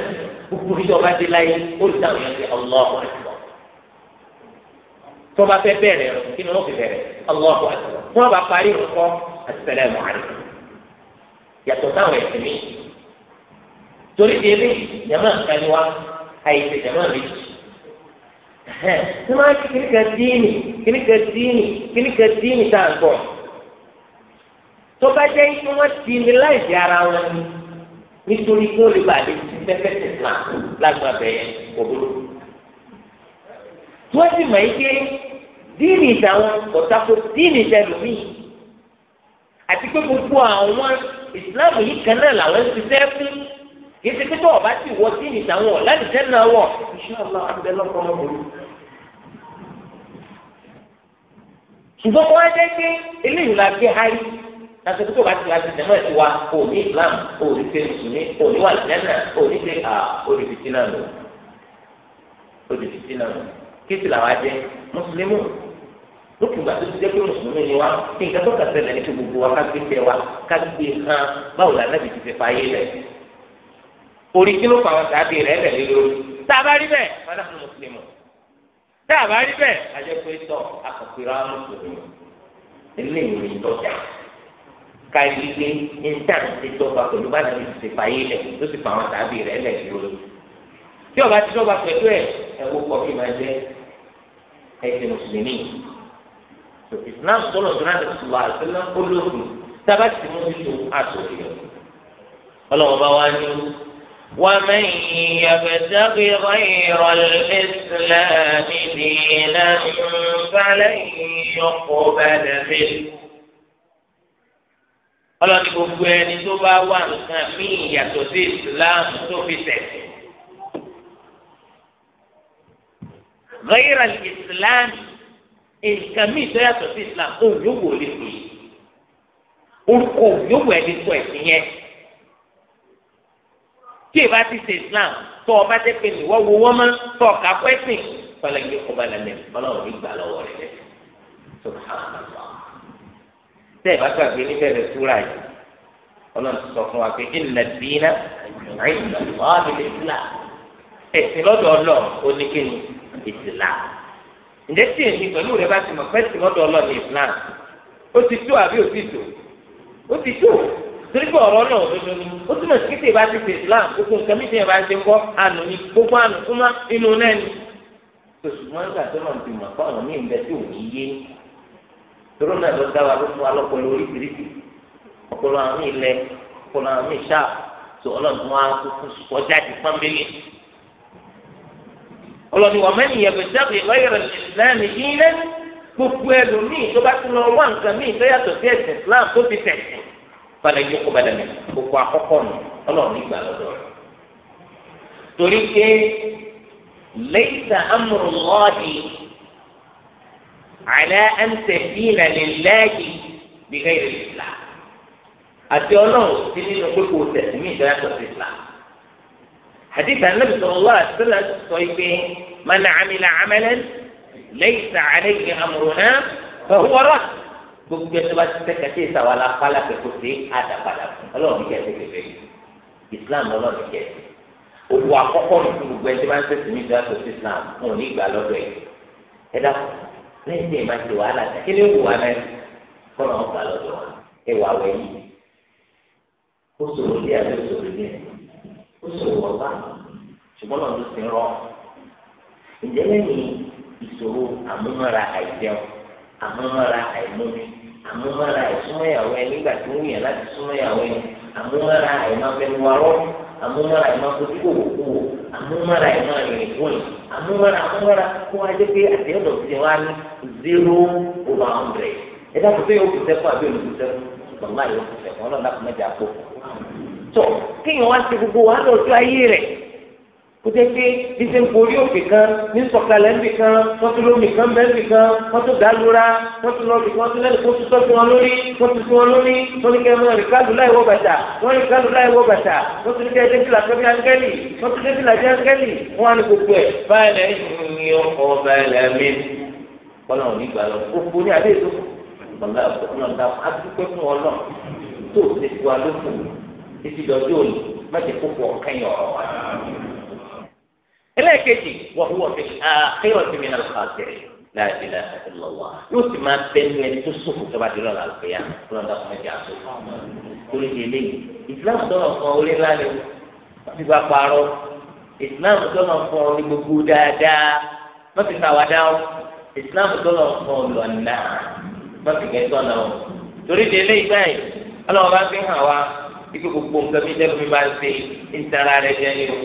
gbogbo ìjọba dé láyé ó dáhùn yẹn pé ọlọ́ọ̀ tó bá fẹ́ bẹ̀rẹ̀ rẹ̀ kí ni wọ́n fi bẹ̀rẹ̀ Allahu akbar wọ́n bá parí nǹkọ́ assalamu alaykum yàtọ̀ táwọn ẹ̀sìn mi torí di ebi jama kan wa àyèsè jama méjì sima kini ka diini kini ka diini kini ka diini tá a gbọ́ tó bá jẹ́ ikú wọn diini láì di ara wọn ni nítorí kó lè bá a lè ti fẹ́fẹ́ ti fún lágbàbẹ́ òbúrò tó a ti mọ̀ ike díìnì ìtàwọn kọ̀tàkó díìnì ìtẹ̀lùmí àti pé gbogbo àwọn ìsìláàmù yìí kan náà làwọn ti fẹ́ fún kì í ṣe pé tó ọba ti wọ díìnì ìtàwọn ọ̀la nìjẹ́ náà wọ̀ ìṣọ́lá abẹ́ lọ́kọ́ ọmọ mi. ṣùgbọ́n kó wá jẹ́ pé eléyìí la gbé háyé láti pé tó ọba ti wá ti tẹ̀mọ́ ẹ̀sìn wa kò ní ìsìláàmù kò ní ṣe mùsùlùmí kò ní wà lẹ́nà kò ní ṣe à olùfìtínà nù olùfìtínà nù kí lókè ìgbà tó ti jẹ́ pé mùsùlùmí ni wá kí nǹkan tó kàṣẹ lẹ́ni tó gbogbo wa ká gbé fẹ́ wa ká gbé hàn báwo la nábì ti fi fa ayé rẹ̀ orí kí ló fa àwọn tàbí rẹ̀ rẹ̀ lé lórí tá a bá rí bẹ́ẹ̀ fada fún mùsùlùmí tá a bá rí bẹ́ẹ̀ ajẹ́ pé tọ́ akọ̀pẹ̀rẹ̀ àwọn mùsùlùmí ilé ìwé ìtọ́jà ká ibi gbé intan ti dọ́gba pẹ̀lú bá nábì ti fi fa ayé rẹ̀ ló sì fa àwọn tàbí rẹ̀ rẹ̀ lé lórí tí ọba ti dọ́gba pẹ̀lú ẹ̀ ẹ̀ wọ́pọ̀ kí tó islam sọlọ tó náà tó wà sílẹ̀ olóògùn tábà tí mo ti tó àtòrí rẹ ọlọ́wọ́ bá wá ní ومن يبتغي غير الإسلام دينا فلن يقبل منه ọlọ́ni gbogbo ẹni tó bá wà nǹkan míì yàtọ̀ sí islam tó fi tẹ̀sí. غير الإسلام nǹkan míì tó yàtọ̀ sí islam òun yóò wò lè pè é orúkọ òun yóò wò ẹni sọ ẹ̀sìn yẹn tí ìbá ti ṣe islam tó ọba tẹ pé nìwọ wo wọn mọ tó ọkà kọ ẹ̀sìn fọlẹ yóò kọba lẹlẹ Ọlọ́run nígbà lọ́wọ́ rẹ lẹsẹ tó ká tẹ ìbá gbàgbé níbẹ̀rẹ̀ súra yìí Ọlọ́run ti sọ fún wa pé ìnà dínà ìnà ìnà ìnà ìsìlá ẹ̀sìn lọ́dọ̀ Ọlọ́run ǹjẹ́ tí èmi pẹ̀lú rẹ bá ti mọ̀ fẹ́ẹ́ tì lọ́dọ̀ ọlọ́ọ̀ni islam ó ti tó àbí ó ti tó ó ti tó torí pé ọ̀rọ̀ náà òdodo ni ó túmọ̀ sí kété ìbá ti ṣe islam gbogbo nǹkan mi tẹ̀yẹ̀ bá ti ń kọ́ àánú ni gbogbo àánú fún má inú náà ni. sòṣùmọ́ nígbà tó náà ti mọ̀ pé ọ̀rọ̀ mi ń tí òun yé toró náà ló dá wa ló fún wa lọ́pọ̀lọ oríṣiríṣi ọ̀pọ̀lọ àwọn ilẹ̀ ọ̀pọ̀lọ àwọn ọlọ́ni wà mẹ́rin yẹ̀bẹ̀ jáde lọ́yẹ̀rẹ̀ ìsìlámù yìí lẹ́ gbogbo ẹlòmíì tó bá tún lọ wá nǹkan míì tó yàtọ̀ sí ẹ̀sìn Islam tó fi tẹ̀sìn balẹ̀ yìí kó balẹ̀ mi gbogbo àkọ́kọ́ nù ọlọ́run nígbà lọ́dọ̀ rẹ̀ torí pé lẹ́yìn amúrúlọ́ọ̀dì àlẹ́ ẹ̀ńtẹ̀ bílẹ̀ lẹ́lẹ́yìn gbígbẹ́ ìrìlá àti ọlọ́run sí nínú gbogbo tẹ̀sìn míì tó yàtọ̀ sí Islam hadith anabi sallallahu alaihi wasallam sọ pé man amila amalan laysa alayhi amruna fa huwa radd gbogbo ẹni bá ti tẹkẹ tí ìsàwọn aláfàlà kẹkọọ sí àdàpadà Ọlọ́run kẹ ẹsẹ kẹfẹ Islam lọ́lọ́run kẹ ẹsẹ òwò àkọ́kọ́ nù fún gbogbo ẹni tí wọn ṣẹ̀ṣẹ̀ mi ìdúrà tó sí Islam wọn ò ní ìgbà lọ́dọ̀ ẹ ẹ dákọ lẹ́yìn tí ẹ máa ti wàhálà tẹ kí ni ó wù wá náà kọ́ náà ó gbà lọ́dọ̀ ẹ wà wẹ̀yìn ó sòrò bí ẹ ló sòrò bí ẹ ṣòwò ọba ṣùgbọ́n náà ló sì ń rọ ǹjẹ́ lẹ́yìn ìṣòro àmúmọ́ra àìjẹun àmúmọ́ra àìmọ́mi àmúmọ́ra àìsúnmọ́yàwó ẹ nígbà tí wọ́n yàn láti súnmọ́yàwó ẹ àmúmọ́ra àìmọ́fẹ́nuwarọ́ àmúmọ́ra àìmọ́fojúkòwòkòwò àmúmọ́ra àìmọ́rìnrìnkùnrin àmúmọ́ra àmúmọ́ra kó wá jẹ́ pé àtẹ̀yọ́dọ̀ ti wá ní zero over hundred ẹ dákun pé yóò kù sẹ́kù àbí olùkù sẹ́kù bàbá yóò kù sẹ́kù ọlọ́run tọ kéèyàn wá sí gbogbo wa lọ sí ayé rẹ̀ kó jẹ́ pé bísí ń borí òkè kan ní sọ̀kalẹ̀ ńbì kan wọ́n tún lómi kan bẹ́ẹ̀ ńbì kan wọ́n tún dàlúra wọ́n tún lọ́ọ̀bì kan wọ́n tún lẹ́nu kó tún tọ́sí wọn lórí wọ́n tún sí wọn lórí wọ́n ní kẹ́mọ́ rìn kálù láì wọ bàtà wọ́n rìn kálù láì wọ bàtà wọ́n tún ní kẹ́ débìlà tó bí áńgẹ́lì wọ́n tún débìlà bí áńgẹ́lì wọ́n á ní gbogbo ẹ̀ báyìí ní ọkọ̀ báyìí lẹ́mí títí dọjú òní mẹsì kókó ọkẹyìn ọ̀rọ̀ wa. ẹlẹ́ẹ̀kejì wọ́n wọ́n fi àkérò sí mi náà lọ́kàn àtẹ̀rẹ̀ láti ilẹ̀ ìlọ́wọ́ yóò sì máa bẹ́nu ẹni tó sòfò tó bá di lọ́la àgbéyà lọ́dọ̀ fún ẹja tó torí di eléyìí ìsìláàmù tó náà fún orí ńlá ni wọ́n parọ́ ìsìláàmù tó náà fún orí gbogbo dáadáa wọ́n ti sàwádà ó ìsìláàmù tó náà fún ọlọ́ọ̀nà wọ́n ti gẹ̀ẹ́tọ̀ náà torí di eléyìí báyìí ọlọ́wọ́ bá fi hàn wá ikú gbogbo nǹkan bí sẹ́kùn mi máa ń ṣe ìtara rẹ̀ jẹ́ ni o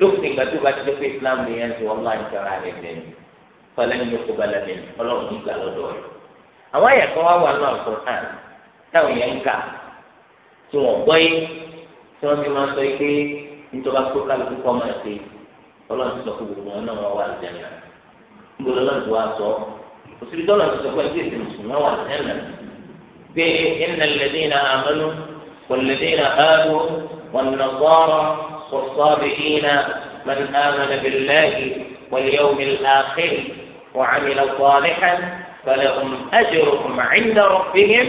lópin ìgbà tó bá ti dẹ́kun islam ní yẹn ti wọ́n máa ń tara rẹ̀ jẹ́ ni fọlẹ́ ní kó balẹ̀ ní ọlọ́run ní ìgbà lọ́dọ̀ rẹ̀ àwọn àyà kan wá wà ní àkùrán táwọn yẹn ń kà tí wọ́n gbọ́ yé tí wọ́n fi máa sọ pé nítorí akó kálukú kọ́ máa ṣe ọlọ́run ti sọ pé gbogbo wọn náà wọ́n wà lẹ́yìn náà gbogbo ọlọ́run ti sọ òsibítọ́ والذين هادوا والنصارى والصابئين من آمن بالله واليوم الآخر وعمل صالحا فلهم أجرهم عند ربهم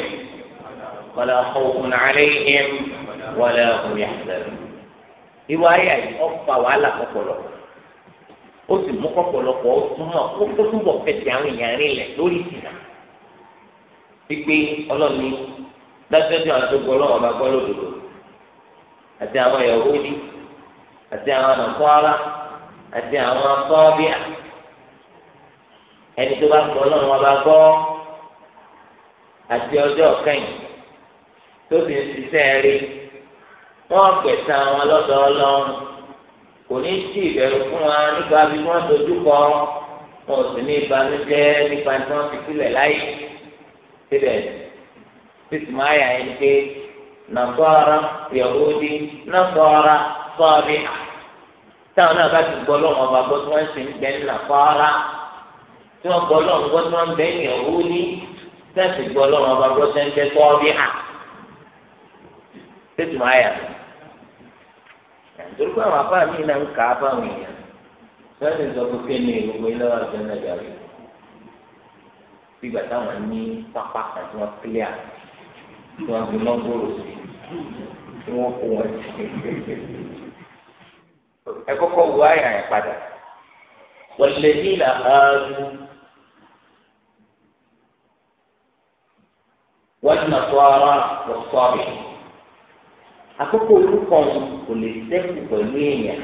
ولا خوف عليهم ولا هم يحزنون ìwà ayé àyè ọ̀fà wàhálà kọ̀kọ̀lọ̀ ó sì mú kọ̀kọ̀lọ̀pọ̀ ó túmọ̀ ó túbọ̀ fẹsẹ̀ àwọn èèyàn dájúdájú àwọn tó gbọ́ lọ́wọ́ bá gbọ́ lódodo àti àwọn yahudi àti àwọn nàkọ́ra àti àwọn akọ́bíà ẹni tó bá gbọ́ lọ́wọ́ bá gbọ́ àti ọjọ́ kẹ́yìn tó ti ń ṣiṣẹ́ rí wọ́n gbẹ̀sán wọn lọ́dọ̀ ọlọ́run kò ní sí ìbẹ̀rù fún wa nípa bí wọ́n dojú kọ wọn ò sì ní ìbànújẹ́ nípa tí wọ́n fi sílẹ̀ láyé síbẹ̀ sísìmọ àyà yẹn pé nàfọra yahudi nàfọra sọọbì táwọn náà bá ti gbọ́ lọ́wọ́ ọba gbọ́ tí wọ́n sì ń bẹ ní nàfọra tí wọ́n gbọ́ lọ́wọ́ gbọ́ tí wọ́n ń bẹ ní yahudi tí wọ́n sì gbọ́ lọ́wọ́ ọba gbọ́ tí wọ́n ń bẹ sọọbì hà sísìmọ àyà nítorí pé àwọn afárá mi náà ń kà á fáwọn èèyàn sọ́ọ́sì sọ pé kí ni gbogbo ilé wa ṣe ń lọ táwọn ní pápá kan tí kílíà tí wọ́n fi mọ́tòrò sí tí wọ́n kó wọn sí. ẹ kọ́kọ́ wo àyà yẹn padà wọlé nílà áádú wọ́n ti nà tó ara lọ sọ́ọ̀bì àkókò orúkọ wọn kò lè dẹ́kun pẹ̀lú èèyàn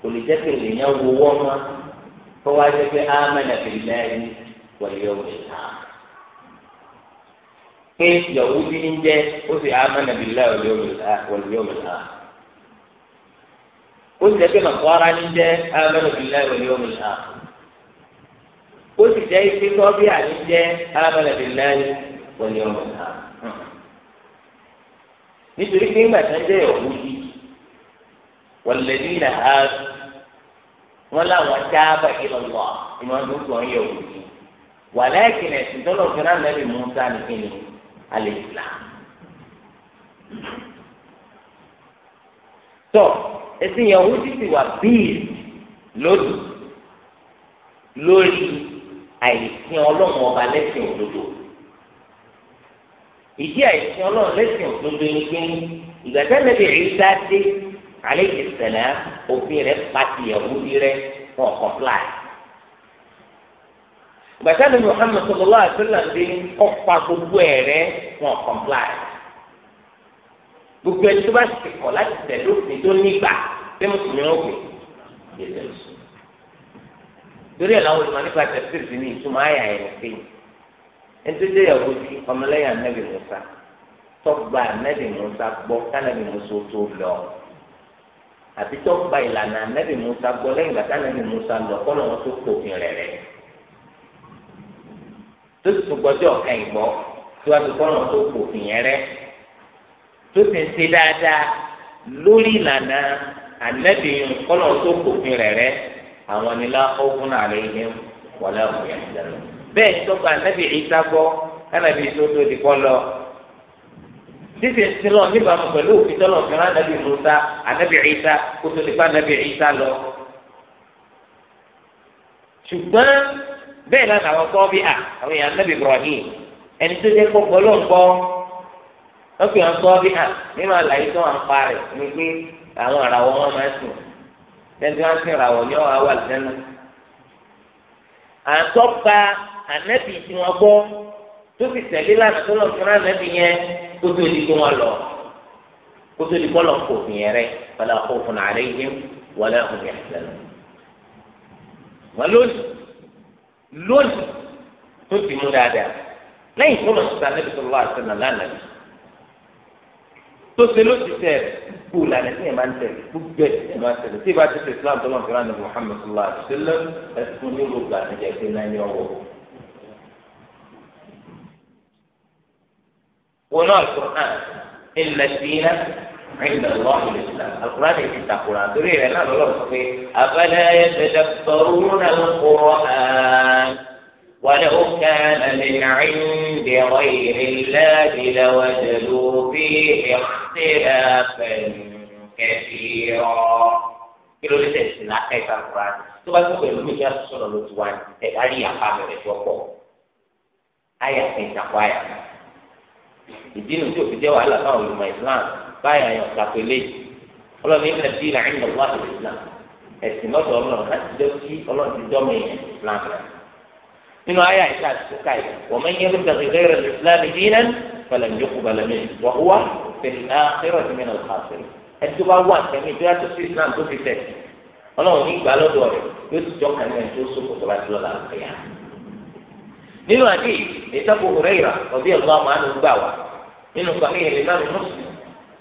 kò lè dẹ́kun èèyàn wo wọ́n mọ́ kọ́wá jẹ́ pé ámẹ́nà fìlẹ́ ẹni wọ̀nyí ọ̀gbìn pé yahudi ń jẹ ó sì amana billahi wal yawmil akhir ó sì jẹ pé nàkọ́ra ń jẹ amana billahi wal yawmil akhir ó sì jẹ ife tọ́bí àní jẹ amana billahi wal yawmil akhir nítorí pé ńgbà tó ń jẹ yahudi walladina hadu wọn làwọn dáàbà ilallah ìmọ̀ ọdún tó ń yahudi walakin ẹ̀sìn tó lọ́ọ́ fi rán lẹ́bi Musa nìkan nìkan al-Islam. tọ́ ẹ̀sìn Yahudi ti wà bíi lódì lórí àìsìn ọlọ́run ọba lẹ́sìn òdodo ìdí àìsìn ọlọ́run lẹ́sìn òdodo ni pé ìgbà tẹ́lẹ̀ bí Ìsá dé alayhi salam òfin rẹ̀ pàtì Yahudi rẹ̀ fún ọ̀kan fúláì gbàtàni muhammed sallallahu alaihi wasallam di ọ̀pá gbogbo ẹ̀ rẹ wọn kọ̀ǹpláì gbogbo ẹni tó bá ti kọ̀ láti tẹ̀lé òfin tó nígbà pé mùsùlùmí wọn pè é lè sùn torí ẹ̀ láwọn olùmọ̀ nípa tẹ̀síìrì sí ní ìtumọ̀ àyà ẹ̀ nìkan ẹni tó dé ìyàwó sí ọmọlẹ́yìn anábì musa tọ́gbà anábì musa gbọ́ kánábì musa tó lọ àti tọ́gbà ìlànà anábì musa gbọ́ lẹ́yìn gbàtà anábì musa lọ kọ́ lọ́wọ́ tó kò fi rẹ̀ rẹ̀ tó sì tún gbọ́ sí ọ̀kan ìgbọ́ tí wàá ti kọ́ ọ̀nà tó kò fi yẹn rẹ́ tó sì ń ṣe dáadáa lórí ìlànà ànẹ́bìyàn kọ́nà tó kò fi rẹ̀ rẹ́ àwọn nílá ọ̀gbọ́n àlẹ́ yẹn wọlé ọ̀gbìn àjẹrò bẹ́ẹ̀ ni tọ́gbà ànẹ́bì ìta gbọ́ ànẹ́bì tó tó di kọ́ lọ títí sílọ níbàámu pẹ̀lú òfin tọ́lọ̀ fún ànẹ́bì Musa ànẹ́bì ìta kó tó di kọ́ ànẹ́bì ìta lọ ṣùgbọ́n bẹ́ẹ̀ náà làwọn kọ́ bí à àwọn èèyàn nàbì Ibrahim ẹni tó jẹ́ kó gbọ́lọ́ ń gbọ́ wọ́n fi hàn kọ́ bí à nínú àlàyé tó wà ń pa rẹ̀ ni pé àwọn ìràwọ̀ wọn máa ń sìn lẹ́nu wọn sìn ìràwọ̀ ní ọ̀hún àwọn àlùfẹ́nu. àtọ́pa ànẹ́bì tí wọ́n gbọ́ tó fi tẹ̀lé lánàá tó lọ fún ànẹ́bì yẹn kó tó di kó wọn lọ kó tó di kó lọ kó fi yẹn rẹ̀ wala khawfun alayhim wala hum yahzanun. wọ́n lónìí lónìí tó ti mú dáadáa lẹ́yìn tó lọ síta níbi tó lọ àti nàlá nàbí tó ṣe ló ti tẹ kú lànà tí yẹn máa ń tẹ̀lé gbogbo ẹ̀ yẹn máa ń tẹ̀lé tí ìbá ti ṣe islam tó lọ fẹ́ràn ní muhammed sallallahu alayhi wa ẹ̀sùn ní gbogbo àtijọ́ ẹ̀sìn náà ní ọwọ́. wọn náà sọ náà ẹ̀ lẹ́sìn náà. عند الله الإسلام القرآن يجد القرآن تريد أن الله أفلا القرآن ولو كان من عند غير الله لوجدوا فيه اختلافا كثيرا kilo le tẹ ti la ẹka kura tó bá tó pẹ̀lú mi kí a sọ̀rọ̀ ló ti wá ẹ ayé yàtọ̀ abẹrẹ tó pọ̀ ayé àti ìtàkùn ayé ìdí nu tí o fi jẹ wàhálà fáwọn olùmọ̀ islam báyà yàn kàpélé ọlọ́ni ìlànà bí ìlànà ìlànà wà ní islam ẹ̀sìn lọ́dọ̀ ọlọ́run láti jẹ́ kí ọlọ́run ti dọ́mọ èèyàn islam rẹ̀ nínú ayé àìsà àtúntò káyì wọ́n mẹ́yìn ẹ̀rọ ìdàgbé gẹ́rẹ́ islam dínà fẹlẹ̀ ń yókù balẹ̀ mi wọ́n wá fẹ̀lẹ̀ náà fẹ́rẹ̀ ti mìíràn kàfẹ́ ẹtí wá wà sẹ́mi tó yàtọ̀ sí islam tó fi tẹ̀ ọlọ́run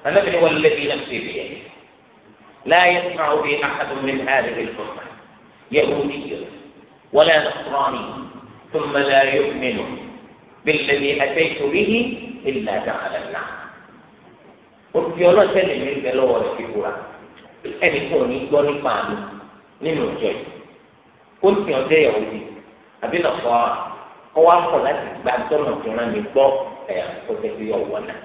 النبي هو الذي نفسي بيده لا يسمع به أحد من هذه الأمة يهودي ولا نصراني ثم لا يؤمن بالذي أتيت به إلا جعل النعم òtí ọlọ́sẹ̀lẹ̀ mi bẹ lọ́wọ́ rẹ̀ fífura ẹnì kan ò ní nípa mi nínú ìjọ yìí ó tì ọ́ jẹ́yà òbí àbí nàfọ́ ọ wá láti gba tọ́nà tó rán mi gbọ́ ẹ̀yà tó fẹ́ fi náà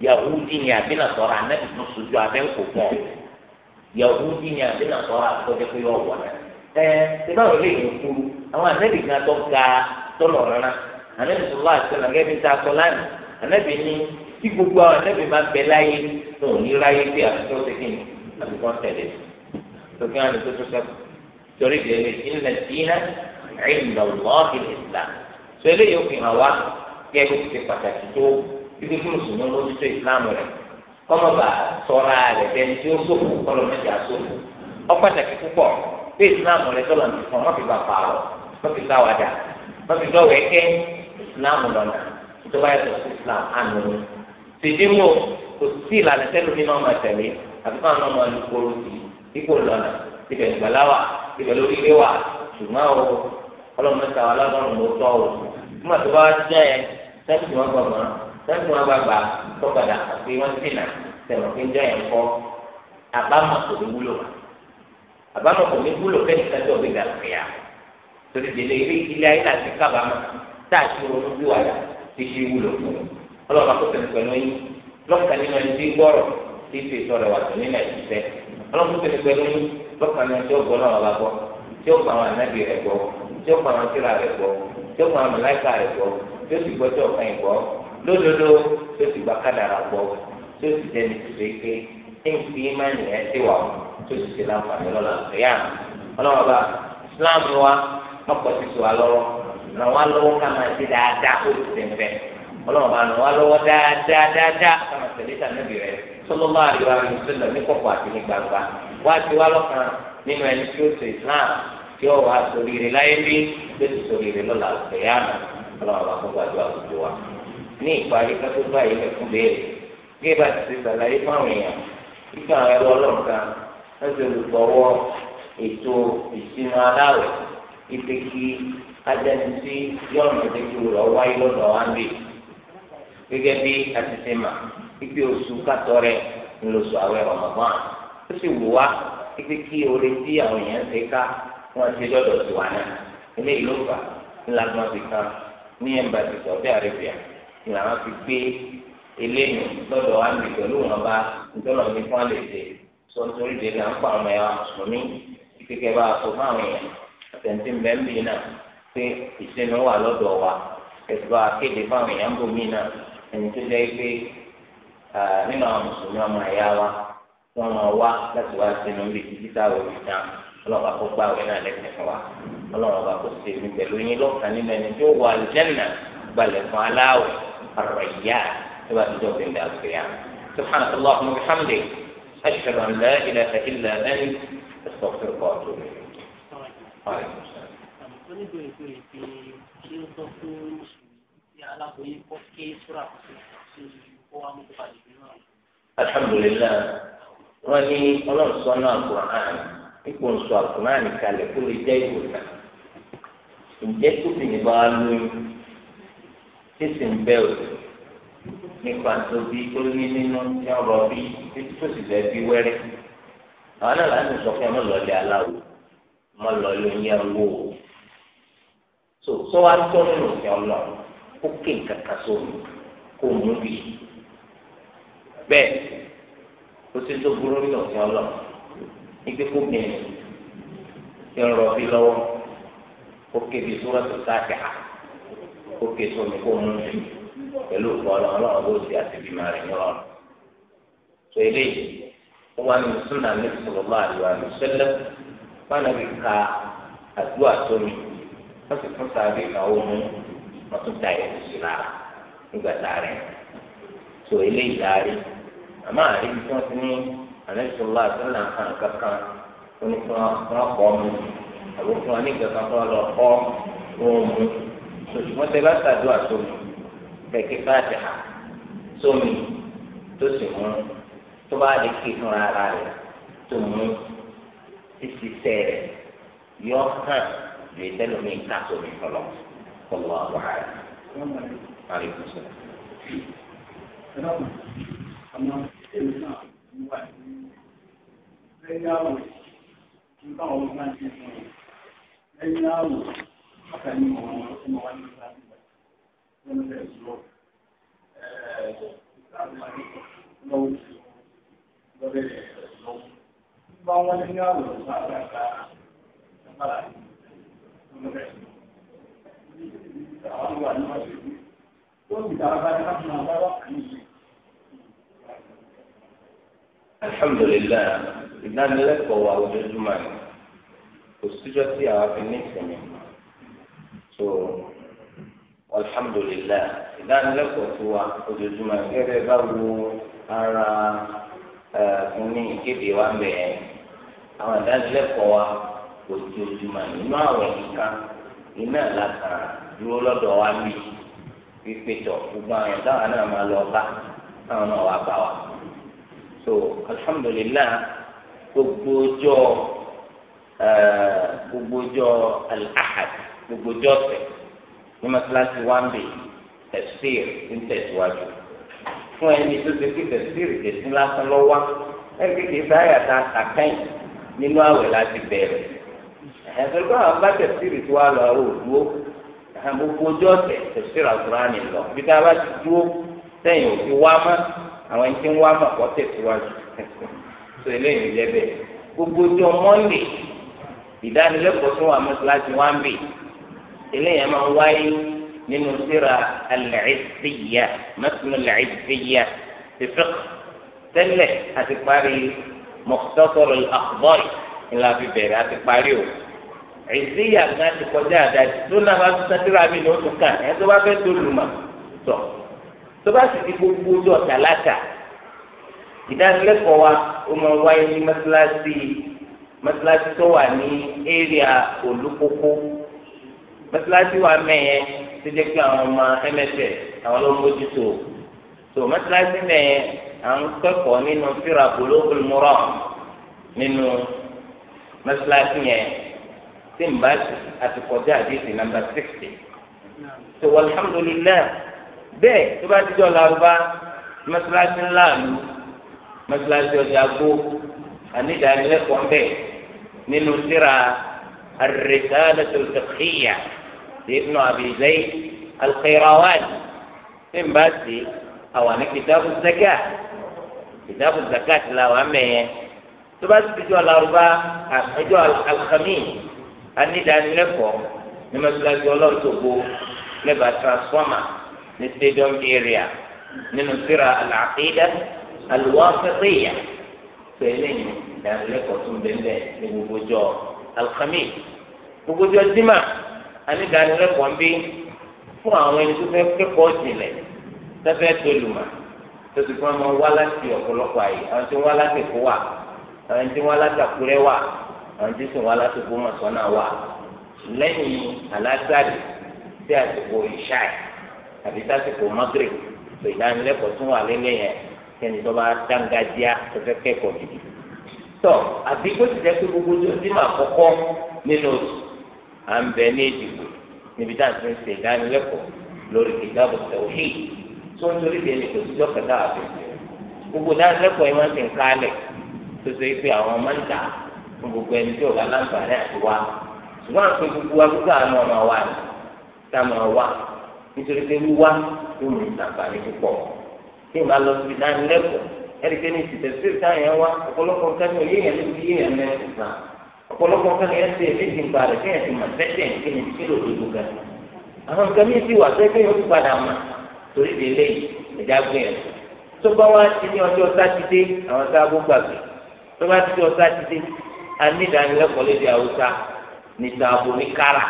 yahudi ni àbí nàtọ́ra anabi tó sojú abẹ́ kò pọ̀ yahudi ni àbí nàtọ́ra àtọ́jẹ́ pé yọ wọ̀ náà ẹ ṣe báwo lè yẹ kúrú àwọn anabi kan tó ga tọ́lọ̀ rárá anabi tó lọ́wọ́ àti ọ̀nàgẹ́ bí ta sọ lánàá anabi ni tí gbogbo àwọn anabi máa bẹ láyé tó ní ráyé pé àtúntò ṣe kí ni àtúntò tẹ̀lé tó kí wọn lè tó tó sẹ́kù torí ìdílé ìlànà ìdílé ìlànà ìlànà ìlànà ìlànà ìlànà kíkí kí mùsùlùmí mójútó ìsìláàmù rẹ̀ kọ́mọ̀bà sọ̀ra rẹ̀ bẹ́ẹ̀ tí ó sòfò kọ́lọ̀ mẹ́ta sòfò ọ̀pàtàkì púpọ̀ pé ìsìláàmù rẹ̀ tọ́lọ̀ ti fún ọ má fi bà pààrọ̀ má fi sáwàdà má fi dọ́wọ̀ ẹ̀kẹ́ ìsìláàmù lọ́nà tó bá yàtọ̀ sí ìsìláàmù àná ni. tìdí mú kò sí ìlànà tẹ́lómi náà máa tẹ̀lé àti fún àwọn ọmọ alukoro ipò lọ́nà ibẹ̀ ìgbàláwà ibẹ̀ lórí lẹ́yìn wọn bá gbà tọ́kadà àti wọn ti nà tẹ̀wọ̀n fi ń jẹ́ ẹ̀ kọ́ àbámọ̀ kò ní wúlò àbámọ̀ kò ní wúlò kẹ́ni kájọ́ bí gàlùkìyà torí délé ilé ilé ayé láti kábàámọ̀ tá a ti ronú bí wàyà ti ṣe wúlò fún ọlọ́run tẹ̀lé pẹ̀lú yín lọ́kàn nínú ẹni tí gbọ́rọ̀ tí fi sọ̀rọ̀ wà tó nínú ẹ̀sìn fẹ́ tẹ̀lé pẹ̀lú yín lọ́kàn nínú tí ó lódodo tó sì gba kádàrà gbọ́ tó sì dẹni tó ṣe pé ẹnìkú yìí máa nìyẹn ti wà ó tó sì ṣe láǹfààní lọ́la ṣẹ̀yà ọlọ́wọ́ Islam wa ọkọ̀ ti sọ wa lọ́wọ́ ràn wá lọ́wọ́ ká máa ṣe dáadáa ó ti tẹ̀ fẹ́ ọlọ́wọ́ bá ràn wá lọ́wọ́ dáadáa dáadáa ká máa tẹ̀lé sànẹ́bì rẹ̀ sọlọ́lá àríwá rẹ̀ sọlọ ní kọ̀kọ̀ àti ní gbangba wá ti wá lọ́kàn nínú ẹni tí ó Islam tí ó wà sórí rẹ̀ láyé bí tó sì sórí rẹ̀ lọ́la ṣẹ̀yà ọlọ́wọ́ kó gbàdúrà gbogbo wa ní ìparí kátó báyìí lẹ́kún béèrè bí ẹ bá ti ṣe ṣàlàyé fáwọn èèyàn nígbà ẹrọ ọlọ́run kan wọ́n ti olùgbọ́wọ́ ètò ìsinmi aláwẹ̀ ipe kí adẹ́nisí yọ̀nà ìdẹ́kùrú rẹ̀ wáyé lọ́dọ̀ wá ń bè gẹ́gẹ́ bí àtìsí mà ipe oṣù kátọ́ rẹ̀ ńlọṣọ àwẹ̀ Ramadan ó sì wù wá ipe kí oore tí àwọn èèyàn ṣe ká wọ́n ti lọ́dọ̀ tiwa náà eléyìí ló fà ńlá gbọ́n ti kan ní ẹ̀mbà ti sọ̀dẹ́ àrẹ́bíà làwọn fi gbé eléyìí lọ́dọ̀ wa mi pẹ̀lú wọn bá ntọ́nà mi fún alẹ́ ṣe sọ nítorí de náà ń pa àwọn ẹ̀yà mùsùlùmí kíkẹ́ bá a sọ fún àwọn èèyàn àtẹ̀ǹtì mẹ́mí náà pé ìsinmi wà lọ́dọ̀ wa ẹ̀sùn bá a kéde fún àwọn èèyàn bòmí náà ẹni tó jẹ́ pé nínú àwọn mùsùlùmí ọmọ ẹ̀yà wa wọ́n máa wá láti wá sínú bí títí táwọn òbí náà ọlọ́run bá kó gbá àwọn náà lẹ́sìn fún wa ọlọ́run bá kó sèmi pẹ̀lú yín lọ́kàn nínú ẹni tó wà lẹ́nà gbalẹ̀ fún aláwẹ̀ الريان كما في عند القيامة سبحانك اللهم وبحمدك أشهد أن لا إله إلا أنت أستغفرك وأتوب إليك. وعليكم السلام. الحمد لله واني ní ọlọ́run sọ يكون kùrán ipò كان sọ àkùrán nìkan ان kó في نظام kéṣì ń bẹ́ òsì nípa tó bí tó ní nínú tí wọ́n rọ bí títí tó sì fẹ́ bí wẹ́rẹ́ àwọn náà láti sọ pé ọmọ aláwo ọmọ oníyàwó o so sọ wá tó nínú òsì ọlọ kó ké nǹkan kan sómi kó mú bí bẹ́ẹ̀ kó sì tó burú nínú òsì ọlọ nígbè kó bẹ̀rẹ̀ tí ń rọ bí lọ́wọ́ kó ké bí sọ́wọ́ tó sáà kẹ́ àá. kó ké sómi kó mú mi pẹ̀lú ìfọ̀lọ́ ọlọ́run bó ti àti bímọ rẹ̀ ụwa ọ̀run. sọ eléyìí wá nínú súnà ní sọlọ́mọ àlùwà ní sẹ́lẹ̀ fánàbí ka àdúrà sómi wọ́n sì fún sáré ìnáwó mú wọ́n tún ta ẹ̀ sí lára nígbà tá a àmọ́ àríwí tí wọ́n ti ní kan kankan ní wọn ní kọ́ lọ kọ́ wọn mú. ṣùgbọ́n tẹ bá ṣàdúrà sómi bẹ̀kí fàtì hà sómi tó sì mú tó bá lè ké fún ara rẹ̀ tó mú títí sẹ́ rẹ̀ yọ hàn lè tẹ́lómi ká sómi fọlọ́ fọlọ́ àwọn àrẹ. Aleykum salaam. Ẹ̀rọ àwọn ẹ̀rọ náà ń wà ní ẹ̀yà àwòrán nípa àwọn ọmọ náà ti sọ̀rọ̀ ẹ̀yà àwòrán alhamdulillah ìdánilẹ́kọ̀ọ́ wa ojoojúmọ́ ni kò síjọ́ tí àwa fi ní ìsinmi so alhamdulilayi ìdánilẹ́kọ̀ọ́ tó wa ojoojúmọ́ gẹ́gẹ́ bá wo ara fún ní ìkéde wa ń bẹ̀ ẹ́ àwọn ìdánilẹ́kọ̀ọ́ wa ojoojúmọ́ nínú àwọn ìka iná làkàrà dúró lọ́dọ̀ wa bí pípẹ́tọ̀ gbogbo àwọn ìdáhùn náà máa lọ bá àwọn náà wà bá wa so alhamdulilayi gbogbo ọjọ́ gbogbo ọjọ́ alahadi gbogbo jọ́sẹ̀ ní mọ́tíláṣí wán bè tẹ̀síìr ń tẹ̀síwájú fún ẹni tó ṣe pé tẹ̀síìr tẹ̀sí lásán lọ́ wá ẹni kékeré sáyà ta àkàyìn nínú àwẹ̀ láti bẹ̀rẹ̀ ẹ̀sìn kọ́ àwọn bá tẹ̀síìr tó wà lọ àwọn òdúró gbogbo jọ́sẹ̀ tẹ̀síìr àkùránì lọ bí tá a bá ti dúró sẹ́yìn òfin wá mọ́ àwọn ẹni tí ń wá mọ̀ kọ́ tẹ̀síwájú tó eléyìí lẹ́bẹ̀ẹ́ gbogbo jọ mọ́ndé ìdánilẹ́kọ̀ọ́ tó wà mọ́tíláṣí eléyàn máa ń wáyé nínú síra al-Izziyyah mẹsàn-án al-Izziyyah fífẹ́ tẹ́lẹ̀ àti parí Mukhtasar al-Akhbar ńlá fi bẹ̀rẹ̀ àti parí o Izziyyah gan ti kọjá àdájì tó náà bá tún sátírà mi ní oṣù kan ẹ̀ tó bá fẹ́ tó lù mà tọ̀ tó bá sì ti gbogbo ojú ọ̀tà látà ìdánilẹ́kọ̀ọ́ wa ó máa wáyé ní mẹ́tíláṣí mẹ́tíláṣí tó wà ní éríà olúkókó mẹsàlásì wa mẹyẹ tẹjẹ pé àwọn ọmọ ẹmẹsẹ àwọn ló mójútó tó mẹsàlásì mẹyẹ à ń kẹ́kọ̀ọ́ nínú fira bulugul maram nínú mẹsàlásì yẹn tí n bá àtikọjá àdéhùn nàmbà sixty tó alhamdulilayi bẹ́ẹ̀ tó bá dijọ làrúbá mẹsàlásì ńlá lu mẹsàlásì ọjà gbó ànídàánilẹ́kọ̀ọ́ mbẹ nínú fira ar-risalatu al-fiqhiyya sí ibnu abi zayd al-qayrawani tí n bá sí àwọn ní kìtàbù zakat kìtàbù zakat ti la wàá mẹ́yẹn tó bá sì jọ làrúbá àjọ alkami anídàánilẹ́kọ̀ọ́ ní mẹ́tíláṣí ọlọ́run tó gbó lẹ́bàá transformer ní stadium area nínú síra al-aqida al-wasitiyya tó eléyìí ìdánilẹ́kọ̀ọ́ tó ń bẹ́ẹ̀ gbogbo jọ alkami gbogbo jọ dìímà anídàánilẹ́kọ̀ọ́ ń bí fún àwọn ẹni tó fẹ́ kẹ́kọ̀ọ́ jìnlẹ̀ tẹ́fẹ́ tolùmọ̀ tó ti fún ọmọ wá láti ọ̀pọ̀lọpọ̀ àyè àwọn tí wọ́n láti kó wà àwọn tí wọ́n láti àkúrẹ́ wà àwọn tí sùn wọ́n láti kó mọ̀sánná wà lẹ́yìn alásàdì sí àsìkò ìṣáì àbí sásìkò mọ́gírì tó ìdánilẹ́kọ̀ọ́ tún wà lélẹ̀ yẹn kẹ́ni tó bá dángájíá tó fẹ́ kẹ́kọ̀ọ́ gidi. tọ́ àbí kó ti à ń bẹ ní ndị níbi tá à ń fi ń ṣe ìdánilẹ́kọ̀ọ́ lórí kìtàbù tẹ̀wọ́hì tó ń torí bẹ́ẹ̀ ni kò sí dọ́kítà àbẹ̀ gbogbo ìdánilẹ́kọ̀ọ́ yìí wọ́n ti ń kálẹ̀ tó ṣe pé àwọn máa ń fún gbogbo ẹni tí àti wá ṣùgbọ́n gbogbo ọmọ wa ni tá a máa wá nítorí pé wíwá ló ìdánilẹ́kọ̀ọ́ ọ̀pọ̀lọpọ̀ nǹkan yẹn ṣe èmi ti ń ba rẹ̀ kéèyàn ti mọ̀ tẹ́tẹ̀ kí ni kí ló dodo gan. àwọn nǹkan mi ti wà tẹ́tẹ́ yóò ti padà mà torí de lé ẹ̀dá gbìyànjú. tó bá wá ti ní ọjọ́ sátidé àwọn sábó gbàgbé tó bá ti ní ọjọ́ sátidé a ní ìdánilẹ́kọ̀ọ́ lédè haúsá ní sábó ní kára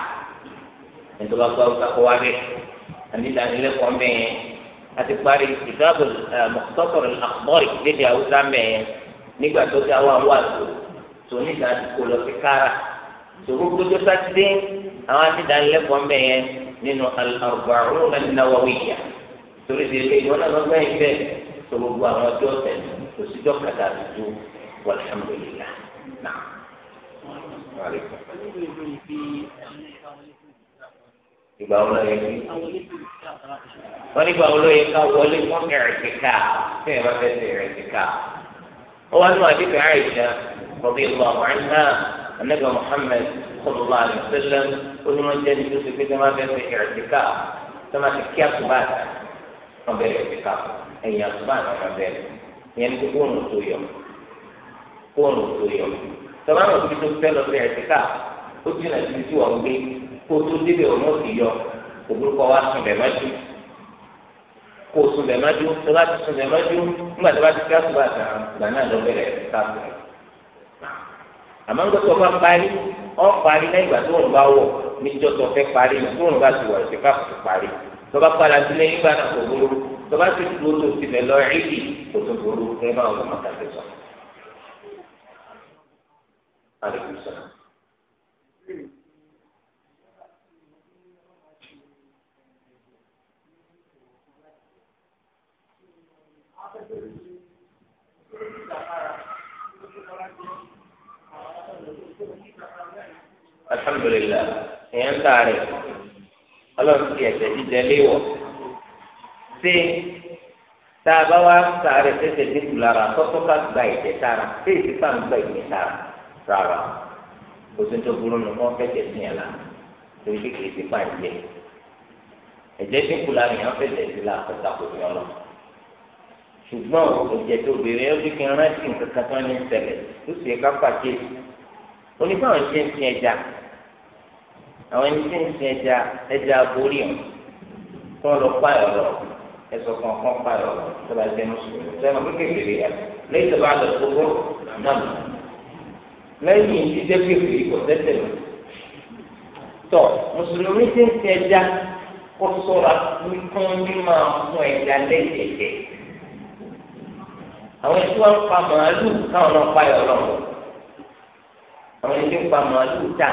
ẹni bá gba haúsá kọ́ wá bẹ́ẹ̀ a ní ìdánilẹ́kọ̀ọ́ mẹ́yẹn a ti parí ìdáàbò eh, lédè haúsá mẹ́yẹn nígbà tó ti àwọn àwọn àtò tòníjà ti kó lọ sí kára tòkókó tó sátidé àwọn àtìdánilẹ́kọ̀ọ́ ń bẹ̀ yẹn nínú al-arba'un an-nawawiyya torí ti ilé ìwọ́n náà lọ́gbẹ́ yìí bẹ́ẹ̀ tó gbogbo àwọn ọjọ́ ọ̀sẹ̀ kò sí jọ́ kàtà tuntun walhamdulillah náà. ìgbà wo ló kí wọ́n nígbà wo ló ká wọlé fún ẹ̀rẹ̀kẹ̀ká fún ẹ̀rẹ̀kẹ̀ká. هو أنه حديث عائشة رضي الله عنها النبي محمد صلى الله عليه وسلم كل من جاء يوسف في ما في اعتكاف كما تكيا صبات ما بين اعتكاف أي صبات ما بين يعني تكون سويم كون سويم طبعا لو كنت تفعل في اعتكاف كنت نسيت وأمي كنت تبي أمي يوم وبركوا واسم بمجلس kó o sùn lẹ́ẹ̀ má dúró tó bá ti sùn lẹ́ẹ̀ má dúró nígbà tó bá ti kí àsùbá tán gbà náà lọ bẹ̀rẹ̀ káàpù rẹ̀. àmọ́ nígbà tó bá parí ọ́ parí lẹ́yìn ìgbà tó ń bá wọ̀ níjọ́ tó fẹ́ parí tó ń bá ti wọ̀ ẹ̀sìn káàpù parí tó bá padà sí lẹ́yìn ìgbà náà kò burú tó bá ti dúró tó ti bẹ̀ lọ ẹ̀ẹ́dì kò tó burú ẹ alhamdulilah èèyàn sáré ọlọ́run ti ẹ̀sẹ̀ jíjẹ léwọ̀ ṣé tá a bá wá sáré ṣẹ̀ṣẹ̀ dínkù lára tọ́tọ́ ká gba ìjẹ sára ṣé ìsìnkà ń gba ìjẹ sára rárá kò sí tó burú nù kọ́ fẹ́jẹ̀ sí yẹn la torí pé kì í ti pàǹjẹ ẹ̀jẹ̀ dínkù lára èèyàn fẹ́jẹ̀ sí la kọ́ta kò ní ọlọ́ ṣùgbọ́n òjẹ̀ tó béèrè ó dín kí n rántí nǹkan kan tó ń ṣẹlẹ̀ ó sì ká pàkíyèsí onífẹ́ àwọn ṣe ń sin ẹja àwọn ẹni tí ń sin ẹja ẹja borí ọ̀ tó ń lọ páyọ̀ lọ ẹ̀sọ̀ kọ̀ọ̀kan páyọ̀ lọ tó bá jẹ́ mùsùlùmí sẹ́nu kékeré yà lẹ́yìn tó bá lọ gbogbo náà lẹ́yìn tí jẹ́ kékeré kò tẹ́tẹ̀ lọ. tọ́ mùsùlùmí ti ń sin ẹja kó sọ̀rọ̀ fún mímọ́ fún ẹja lẹ́yìn ẹ̀jẹ̀ àwọn ẹ̀sùn wọn pa màálù káwọn náà páyọ̀ lọ́wọ́ àwọn ẹni tí ń pa màálù tà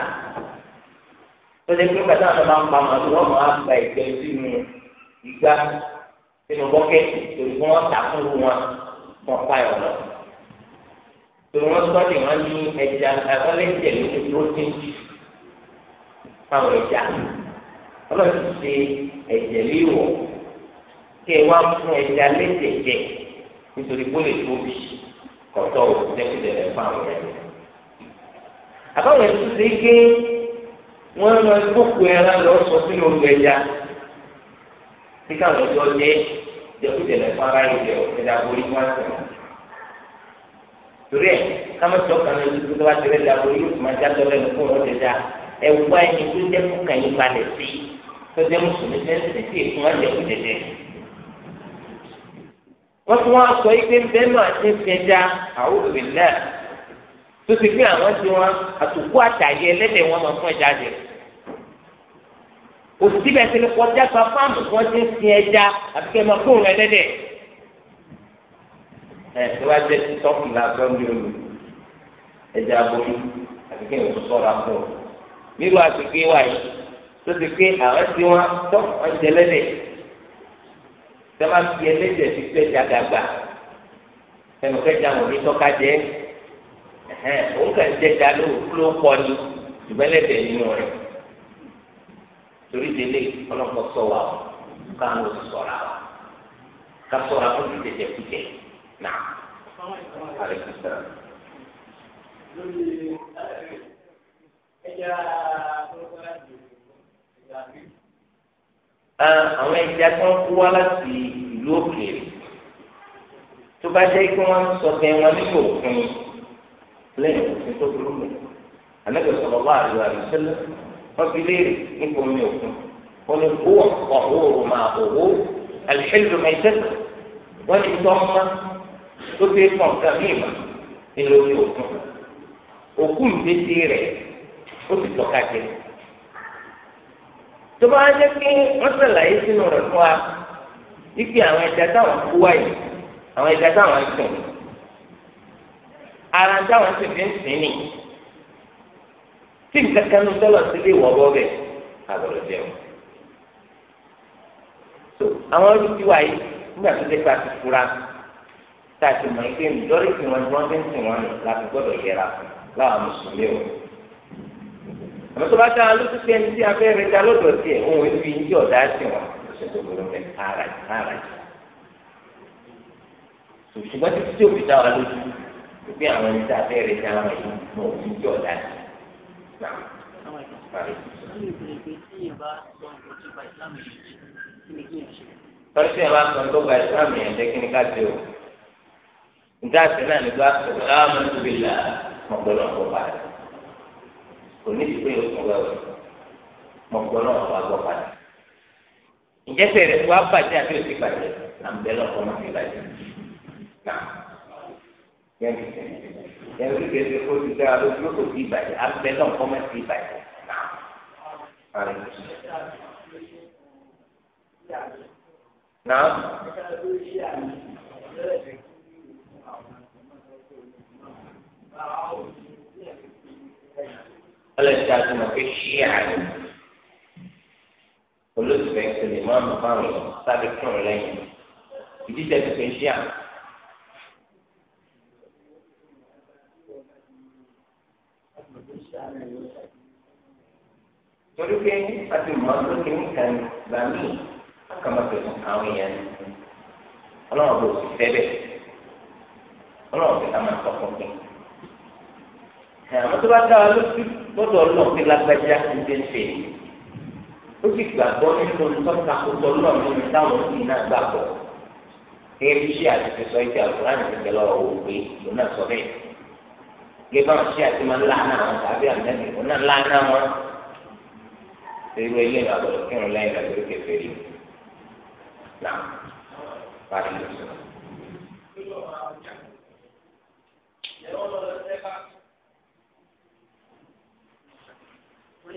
tó lè pé pàtàkì àwọn máa ń pa màálù wọn máa gba ìgbẹ́ sínú ìgbà sínú bọ́kẹ́tì torí wọ́n tà fún wọn wọn pa ẹ̀ lọ torí wọ́n sọ́ọ̀dì wọn ní ẹja àwọn lẹ́jẹ̀ ló ní protein fáwọn ẹja ọlọ́run ti ṣe ẹ̀jẹ̀ léwọ̀ kí ẹ wá fún ẹja lẹ́jẹ̀ jẹ nítorí bó tóbi kọ̀tọ́ òkú lẹ́kùn lẹ́kùn fáwọn ẹja àbáwọn ẹtù ṣe é gé wọn lọ gbókù ẹran lọ sọ sínú olú ẹja bí káwọn ọjọ jẹ jẹkújẹ lẹfọ ara yìí jẹ ẹdá borí wọn sọ torí ẹ kámẹtọ kan lọ sí tó bá tẹlẹ ẹdá borí yóò máa já tọlẹ nù fún ọjọ ẹja ẹwọ ẹni tó jẹ kó kàn yín sí tó jẹ mùsùlùmí sẹ́ńsì sí ìfún wọn jẹkújẹ jẹ wọ́n tún wá sọ yìí pé náà ti fi ẹja àwọn òbí náà tó ti fi àwọn tí wọn àtòkú àtàyè ẹlẹ́dẹ̀ wọn máa fún ẹja jẹ òsì bẹ́ẹ̀ ti ní kọjá pa fáàmù tí wọ́n ti ń sin ẹja àti kẹ́ máa fóun ẹlẹ́dẹ̀ ẹ̀ tí wọ́n á jẹ́ sí tọ́kì lásán ní olù ẹja aboyún àti kẹ́ ìwọ̀n sọ̀rọ̀ àpò nírú àgbègbè wa yìí tó ti pé àwọn tí wọ́n tọ́ ọjà ẹlẹ́dẹ̀ tí wọ́n fi ẹlẹ́dẹ̀ ti fẹ́ jagagba ẹnu kẹjà wọn ní tọ́ka jẹ́ òun kàn jẹjà ló pọ̀ ní ìgbẹ́lẹ́dẹ̀ nínú rẹ̀ torí délé ọlọ́pàá sọ o káwọn ò sọ̀rọ̀ àwọn ká sọ̀rọ̀ àwọn ti jẹjẹ kújẹ àwọn ẹja tó ń kú wá láti ìlú òkèèrè tó bá jẹ́ kí wọ́n lẹ́yìn òfin tó burú mi ànábì sallallahu alaihi wasallam wọn fi léèrè nípa omi òkun wọn ni owó ọhúrò máa owó alìṣẹlẹ mẹsẹsẹ wọn ti tọ́ ọmọ tó fi pọn nǹkan mí mà nínú omi òkun òkun tètè rẹ ó ti tọ́ ká jẹ tó bá jẹ pé wọn sàlàyé sínú rẹ fún wa ipe àwọn ẹja táwọn kú wáyé àwọn ẹja táwọn sùn ara ń táwọn sì fi ń sìn ní tí nǹkan kan ló tọ́lọ̀ sílé ìwọ̀ bọ́ bẹ́ẹ̀ àbọ̀rọ̀ jẹun. tó àwọn olùkí wa yìí nígbà tó dé pa ti fura tá a ti mọ̀ ike lórí tí wọ́n ti wọ́n ti ń sìn wọn la fi gbọ́dọ̀ yẹra láwọn mùsùlùmí o. àmọ́ tó bá tá a lóṣù tí ẹni tí a fẹ́ rẹ ta lọ́dọ̀ tiẹ̀ òun èlú yìí tí ọ̀dà sìn wọn lóṣù tó gbọ́dọ̀ fẹ́ ara jù ara jù. ṣùgbọ́n títí tí ó dá wa lójú pípé àwọn ẹni tí a fẹ́ rẹ̀ ṣe àwọn yìí mọ̀ òfin tí ọ̀dà ni. tọ́lá sí ẹ̀rọ àtọ̀ tó gba ìsìlámù yẹn jẹ́ kí ni ká ṣe o. nígbà tí náà nígbà tó láàmú tóbi là mọ̀gbọ́nà ọ̀pọ̀ báyìí. kò ní ìdílé òkú wẹ̀wẹ̀ mọ̀gbọ́nà ọ̀pọ̀ báyìí. ìjẹ́sẹ̀ rẹ̀ wá bàjẹ́ àti òsì bàjẹ́ à ń máa fi bàjẹ́ yẹnbi yẹnbi kẹsẹ kó ti dára lójú ló kò sí ìbàjẹ́ abẹ náà kọ́ mẹ́sì ìbàjẹ́ náà. náà. ọlọ́sẹ̀ àti mọ̀kẹ́ ṣíà ni olóṣèlú ẹ̀sìn lè máa mọ̀ fáwọn sábẹ́ kírun lẹ́yìn ìdíje ti fi ṣíà. torí pé a ti mọ ọdún kìíní kan gbà mí akàmọ̀tẹ̀sùn àwọn èèyàn ni ọlọ́run kò sì fẹ́ bẹ́ẹ̀ ọlọ́run kò ká máa tọ́ fún mi. àmọ́ tó bá dá wa lójú lọ́dọ̀ ọlọ́run pé lágbájá ń dé ṣe ó sì gbàgbọ́ nínú tọ́ka kó tọ́ lọ́run nínú táwọn òbí náà gbàgbọ́ kí ebi ṣe àtẹ̀sọ́ ìjà òkúránì ti tẹ̀lé ọ̀rọ̀ òwe lónà sọ bẹ́ẹ̀ gẹ́gẹ́ bá ṣe àti máa ń lánà wọn tàbí àmẹ́bí wọn náà lánà wọn. Irú ilé ìlú àgbọ̀dọ̀ kírun lẹ́yìn rẹ̀ lórí kẹfẹ́ rí. Nà parí lọ sọ.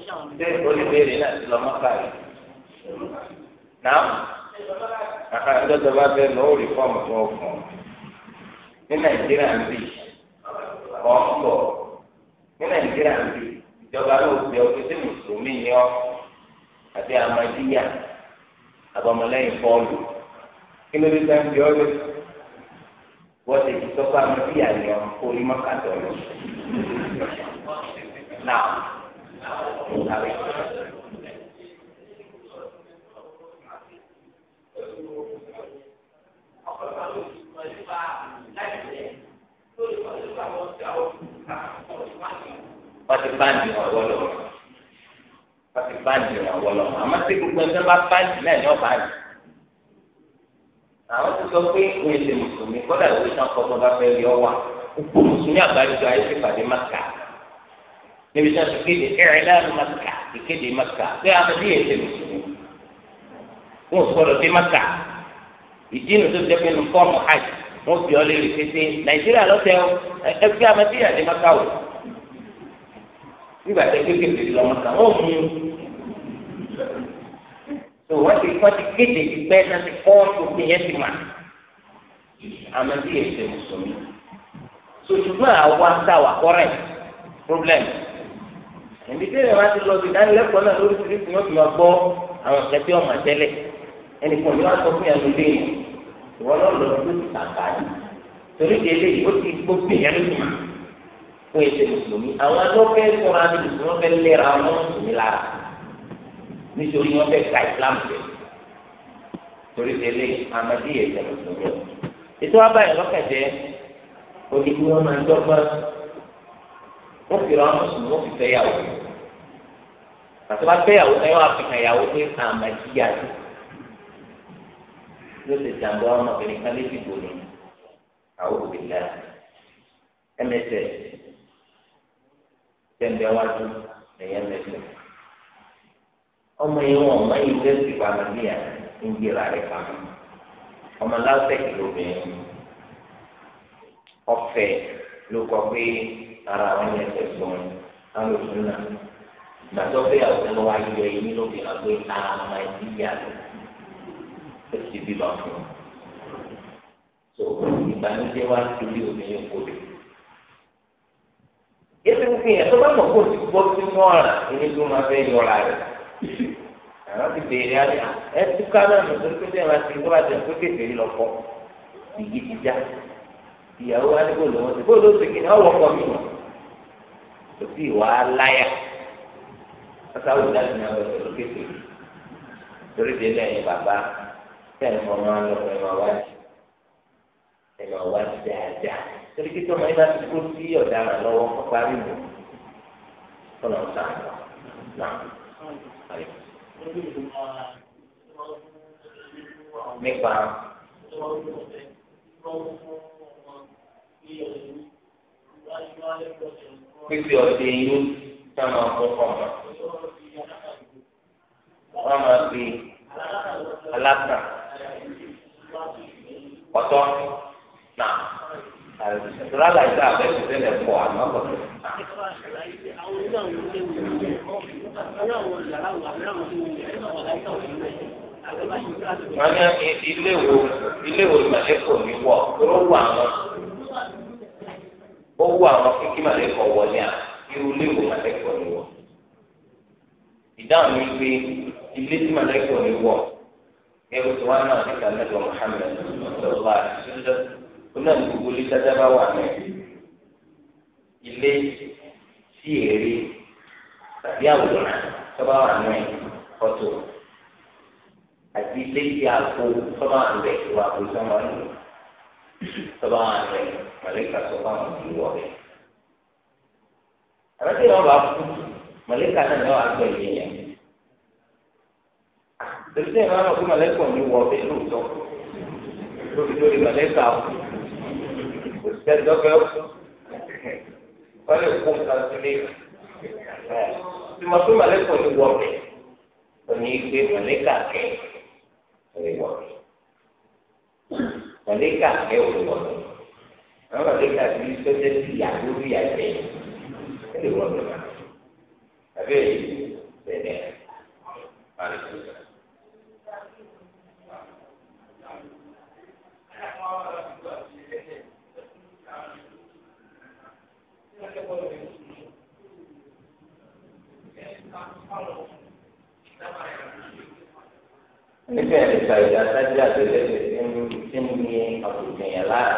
Ṣé olùbéèrè náà ti lọ mọ́ta rẹ̀? Nà àkàndọ́dọ̀ bá bẹ́ẹ̀ rí fọ́ọ̀mù fún ọkùnrin. Ní Nàìjíríà ń bì í kọ́ ń bọ̀ ní nàìjíríà ń bì ìjọba ló fi ọtí sí mùsùlùmí ni ọ àti amadíyà àbọ̀mọlẹ́yìn pọ́ọ̀lù kí ló dé tá ń bí ọ wọ́n ti ti sọ́kọ́ amadíyà ni ọ orí mọ́kàtọ̀ lọ. náà àwọn. wọ́n ti báńdì wọn wọ́lọ́ wọ́n ti báńdì wọn wọ́lọ́ àmọ́ tí gbogbo ẹgbẹ́ bá báńdì náà ní ọ̀bá yìí àwọn ti sọ pé òun èsè mùsùlùmí kọ́dà ìwé sàn kọ́ tó bá fẹ́ rí ọ wà òkú mùsùlùmí àgbájọ ayé ti pàdé màkà níbi tí wọ́n ti kéde ẹ̀rẹ́ láàánú màkà ìkéde màkà pé amadi èsè mùsùlùmí wọn ò sọ̀rọ̀ dé màkà ìdí inú tó ti dẹ́pẹ́ nu fọ́ọ̀mù hajj wọn fi ọ lé lè fèsì nàìjíríà lọ́tẹ̀ ẹgbẹ́ amadi àdé màkà wò nígbà tẹ kékeré lọmọ kan ó mú tó wọn ti wọn ti kéde ti pẹ náà ti kọ́ òfin yẹn ti mà àmọ́ bí èsè mùsùlùmí sòṣùgbọ́n àwa táwa kọ́rẹ́ problem ẹni tí èèyàn bá ti lọ sí ìdánilẹ́kọ̀ọ́ náà lórí ti fi wọn fi máa gbọ́ àwọn ìṣẹ́ tí wọ́n máa tẹ́lẹ̀ ẹnì kan ní wọ́n sọ fún yàrá ilé yìí ìwọ náà lọ sí ìtàkà yìí torí wọn èsè mùsùlùmí àwọn atọ́kẹ́ sọ̀rọ̀ àti mùsùlùmí wọn fẹ́ lẹ́ra wọn mùsùlùmí lára nítorí wọn fẹ́ ka islam jẹ torí tẹ́lẹ̀ amadi èsè mùsùlùmí ètò abáyé lọ́kẹ̀jẹ́ onígbó wọn máa ń dọ́gbọ́n wọn fi ra mùsùlùmí wọn fi fẹ́ yàwó àtúbà fẹ́ yàwó ẹ wá fi hàn yàwó pé amadi yàtọ̀ ló ti jàǹbá ọmọbìnrin kan lébi gbòòrò àwọn òbí lẹ́yìn mss tẹ̀lé wájú lẹ́yìn lẹ́sẹ̀. ọmọ yìí wọn ọmọ yìí lẹ́sìn pàmò bí yà ń gbéra rẹ̀ pàmò. ọmọ lásẹ̀kì lóbìnrin ọ̀fẹ́ ló kọ pé ara wọn yẹn fẹ́ gbọ́n alòsùn náà. gbàtọ́ pé àwọn ọmọ wa yọ eyín lóbi hàn pé ara wọn yẹn ti yà lọ. ó sì bí bá fún un. so ìgbàlódé wa ti rí obìnrin kò dùn yẹtí ń fihàn tó bá mọ̀ kó ti gbọ́ sí mọ́ra èmi tó máa fẹ́ yọra rẹ̀ àwọn ti béèrè àlẹ́ ẹ túká náà nù torí pé bẹ́ẹ̀ máa ti wọ́n àti ẹ̀kọ́ kékeré lọ fọ́ ìyí ti já ìyàwó wa ní bóòlù wọn ti bóòlù ó segin náà wọ́pọ̀ mi mọ̀ kò sí ìwà aláyà sásáwò dájú náà wọ́n ẹ̀kọ́ kékeré torí bẹ́ẹ̀ lẹ́yìn bàbá ẹ̀ mọ̀ máa lọ ẹ̀ máa wájú ẹ̀ máa wájú dáadáa torí pé tọ́mọ yín bá ti kó sí ọ̀daràn lọ́wọ́ kó parí mu ọ̀nà ọ̀sán náà àlè. nípa pípé ọtí yín táwọn akókò mọ wọn máa fi alákàn ọ̀tọ̀ náà àtúrà làjà àbẹ̀tẹ̀ tẹ́lẹ̀ pọ̀ àmọ́ kọ̀. wọ́n ní ilé wo ilé wo màlẹ́kọ̀ọ́ mi wọ̀ tó wù àwọn ó wù àwọn kíkí màlẹ́kọ̀ọ́ wọlé à irú ilé wo màlẹ́kọ̀ọ́ mi wọ̀. ìdáhùn mi pé ilé tí màlẹ́kọ̀ọ́ mi wọ̀ ẹ̀rù tí wọ́n náà nígbà mẹ́jọ Muhammad sọ̀rọ̀ bá a onáà ní gbogbo ilé dáadáa bá wà ní ilé tí èrè tàbí àwòrán tọ́ba wà ní ọ̀tọ̀ àti ilé tí a kó tọ́ba wà níbẹ̀ tó wà kó sọ́mọ́ ní tọ́ba wà níbẹ̀ mọ̀lẹ́kà sọ fún àwọn òbí wọ̀ bẹ́ẹ̀. àbẹ́ tí wọ́n bá kú mọ̀lẹ́kà náà ni wọ́n á ìyẹn yẹn. tẹ̀síṣẹ́ ìmáàmù kí mọ̀lẹ́kà ní wọ lóòótọ́ lórí mọ̀lẹ́kà ọ̀hún sẹ́ni tó fẹ́ wọ́n lè kó nǹkan sílé tìmọ̀tò màlẹ́kọ̀ọ́ ní wọ́ọ̀kẹ́ òní ìgbé màlẹ́kà kẹ́ òní wọ́ọ̀kẹ́ màlẹ́kà kẹ́ òní wọ́ọ̀kẹ́ àwọn màlẹ́kà ti sọ́jẹ́ sí ìyàwó rí àgbẹ̀ òní wọ́ọ̀kẹ́ màlẹ́kà àbẹ́rẹ́ bẹ̀rẹ̀ màlẹ́kà. níbi ẹ̀rí ìgbàlódé àtàjì àtẹlẹ tí ń ní ọ̀dùnkùn yẹn lára.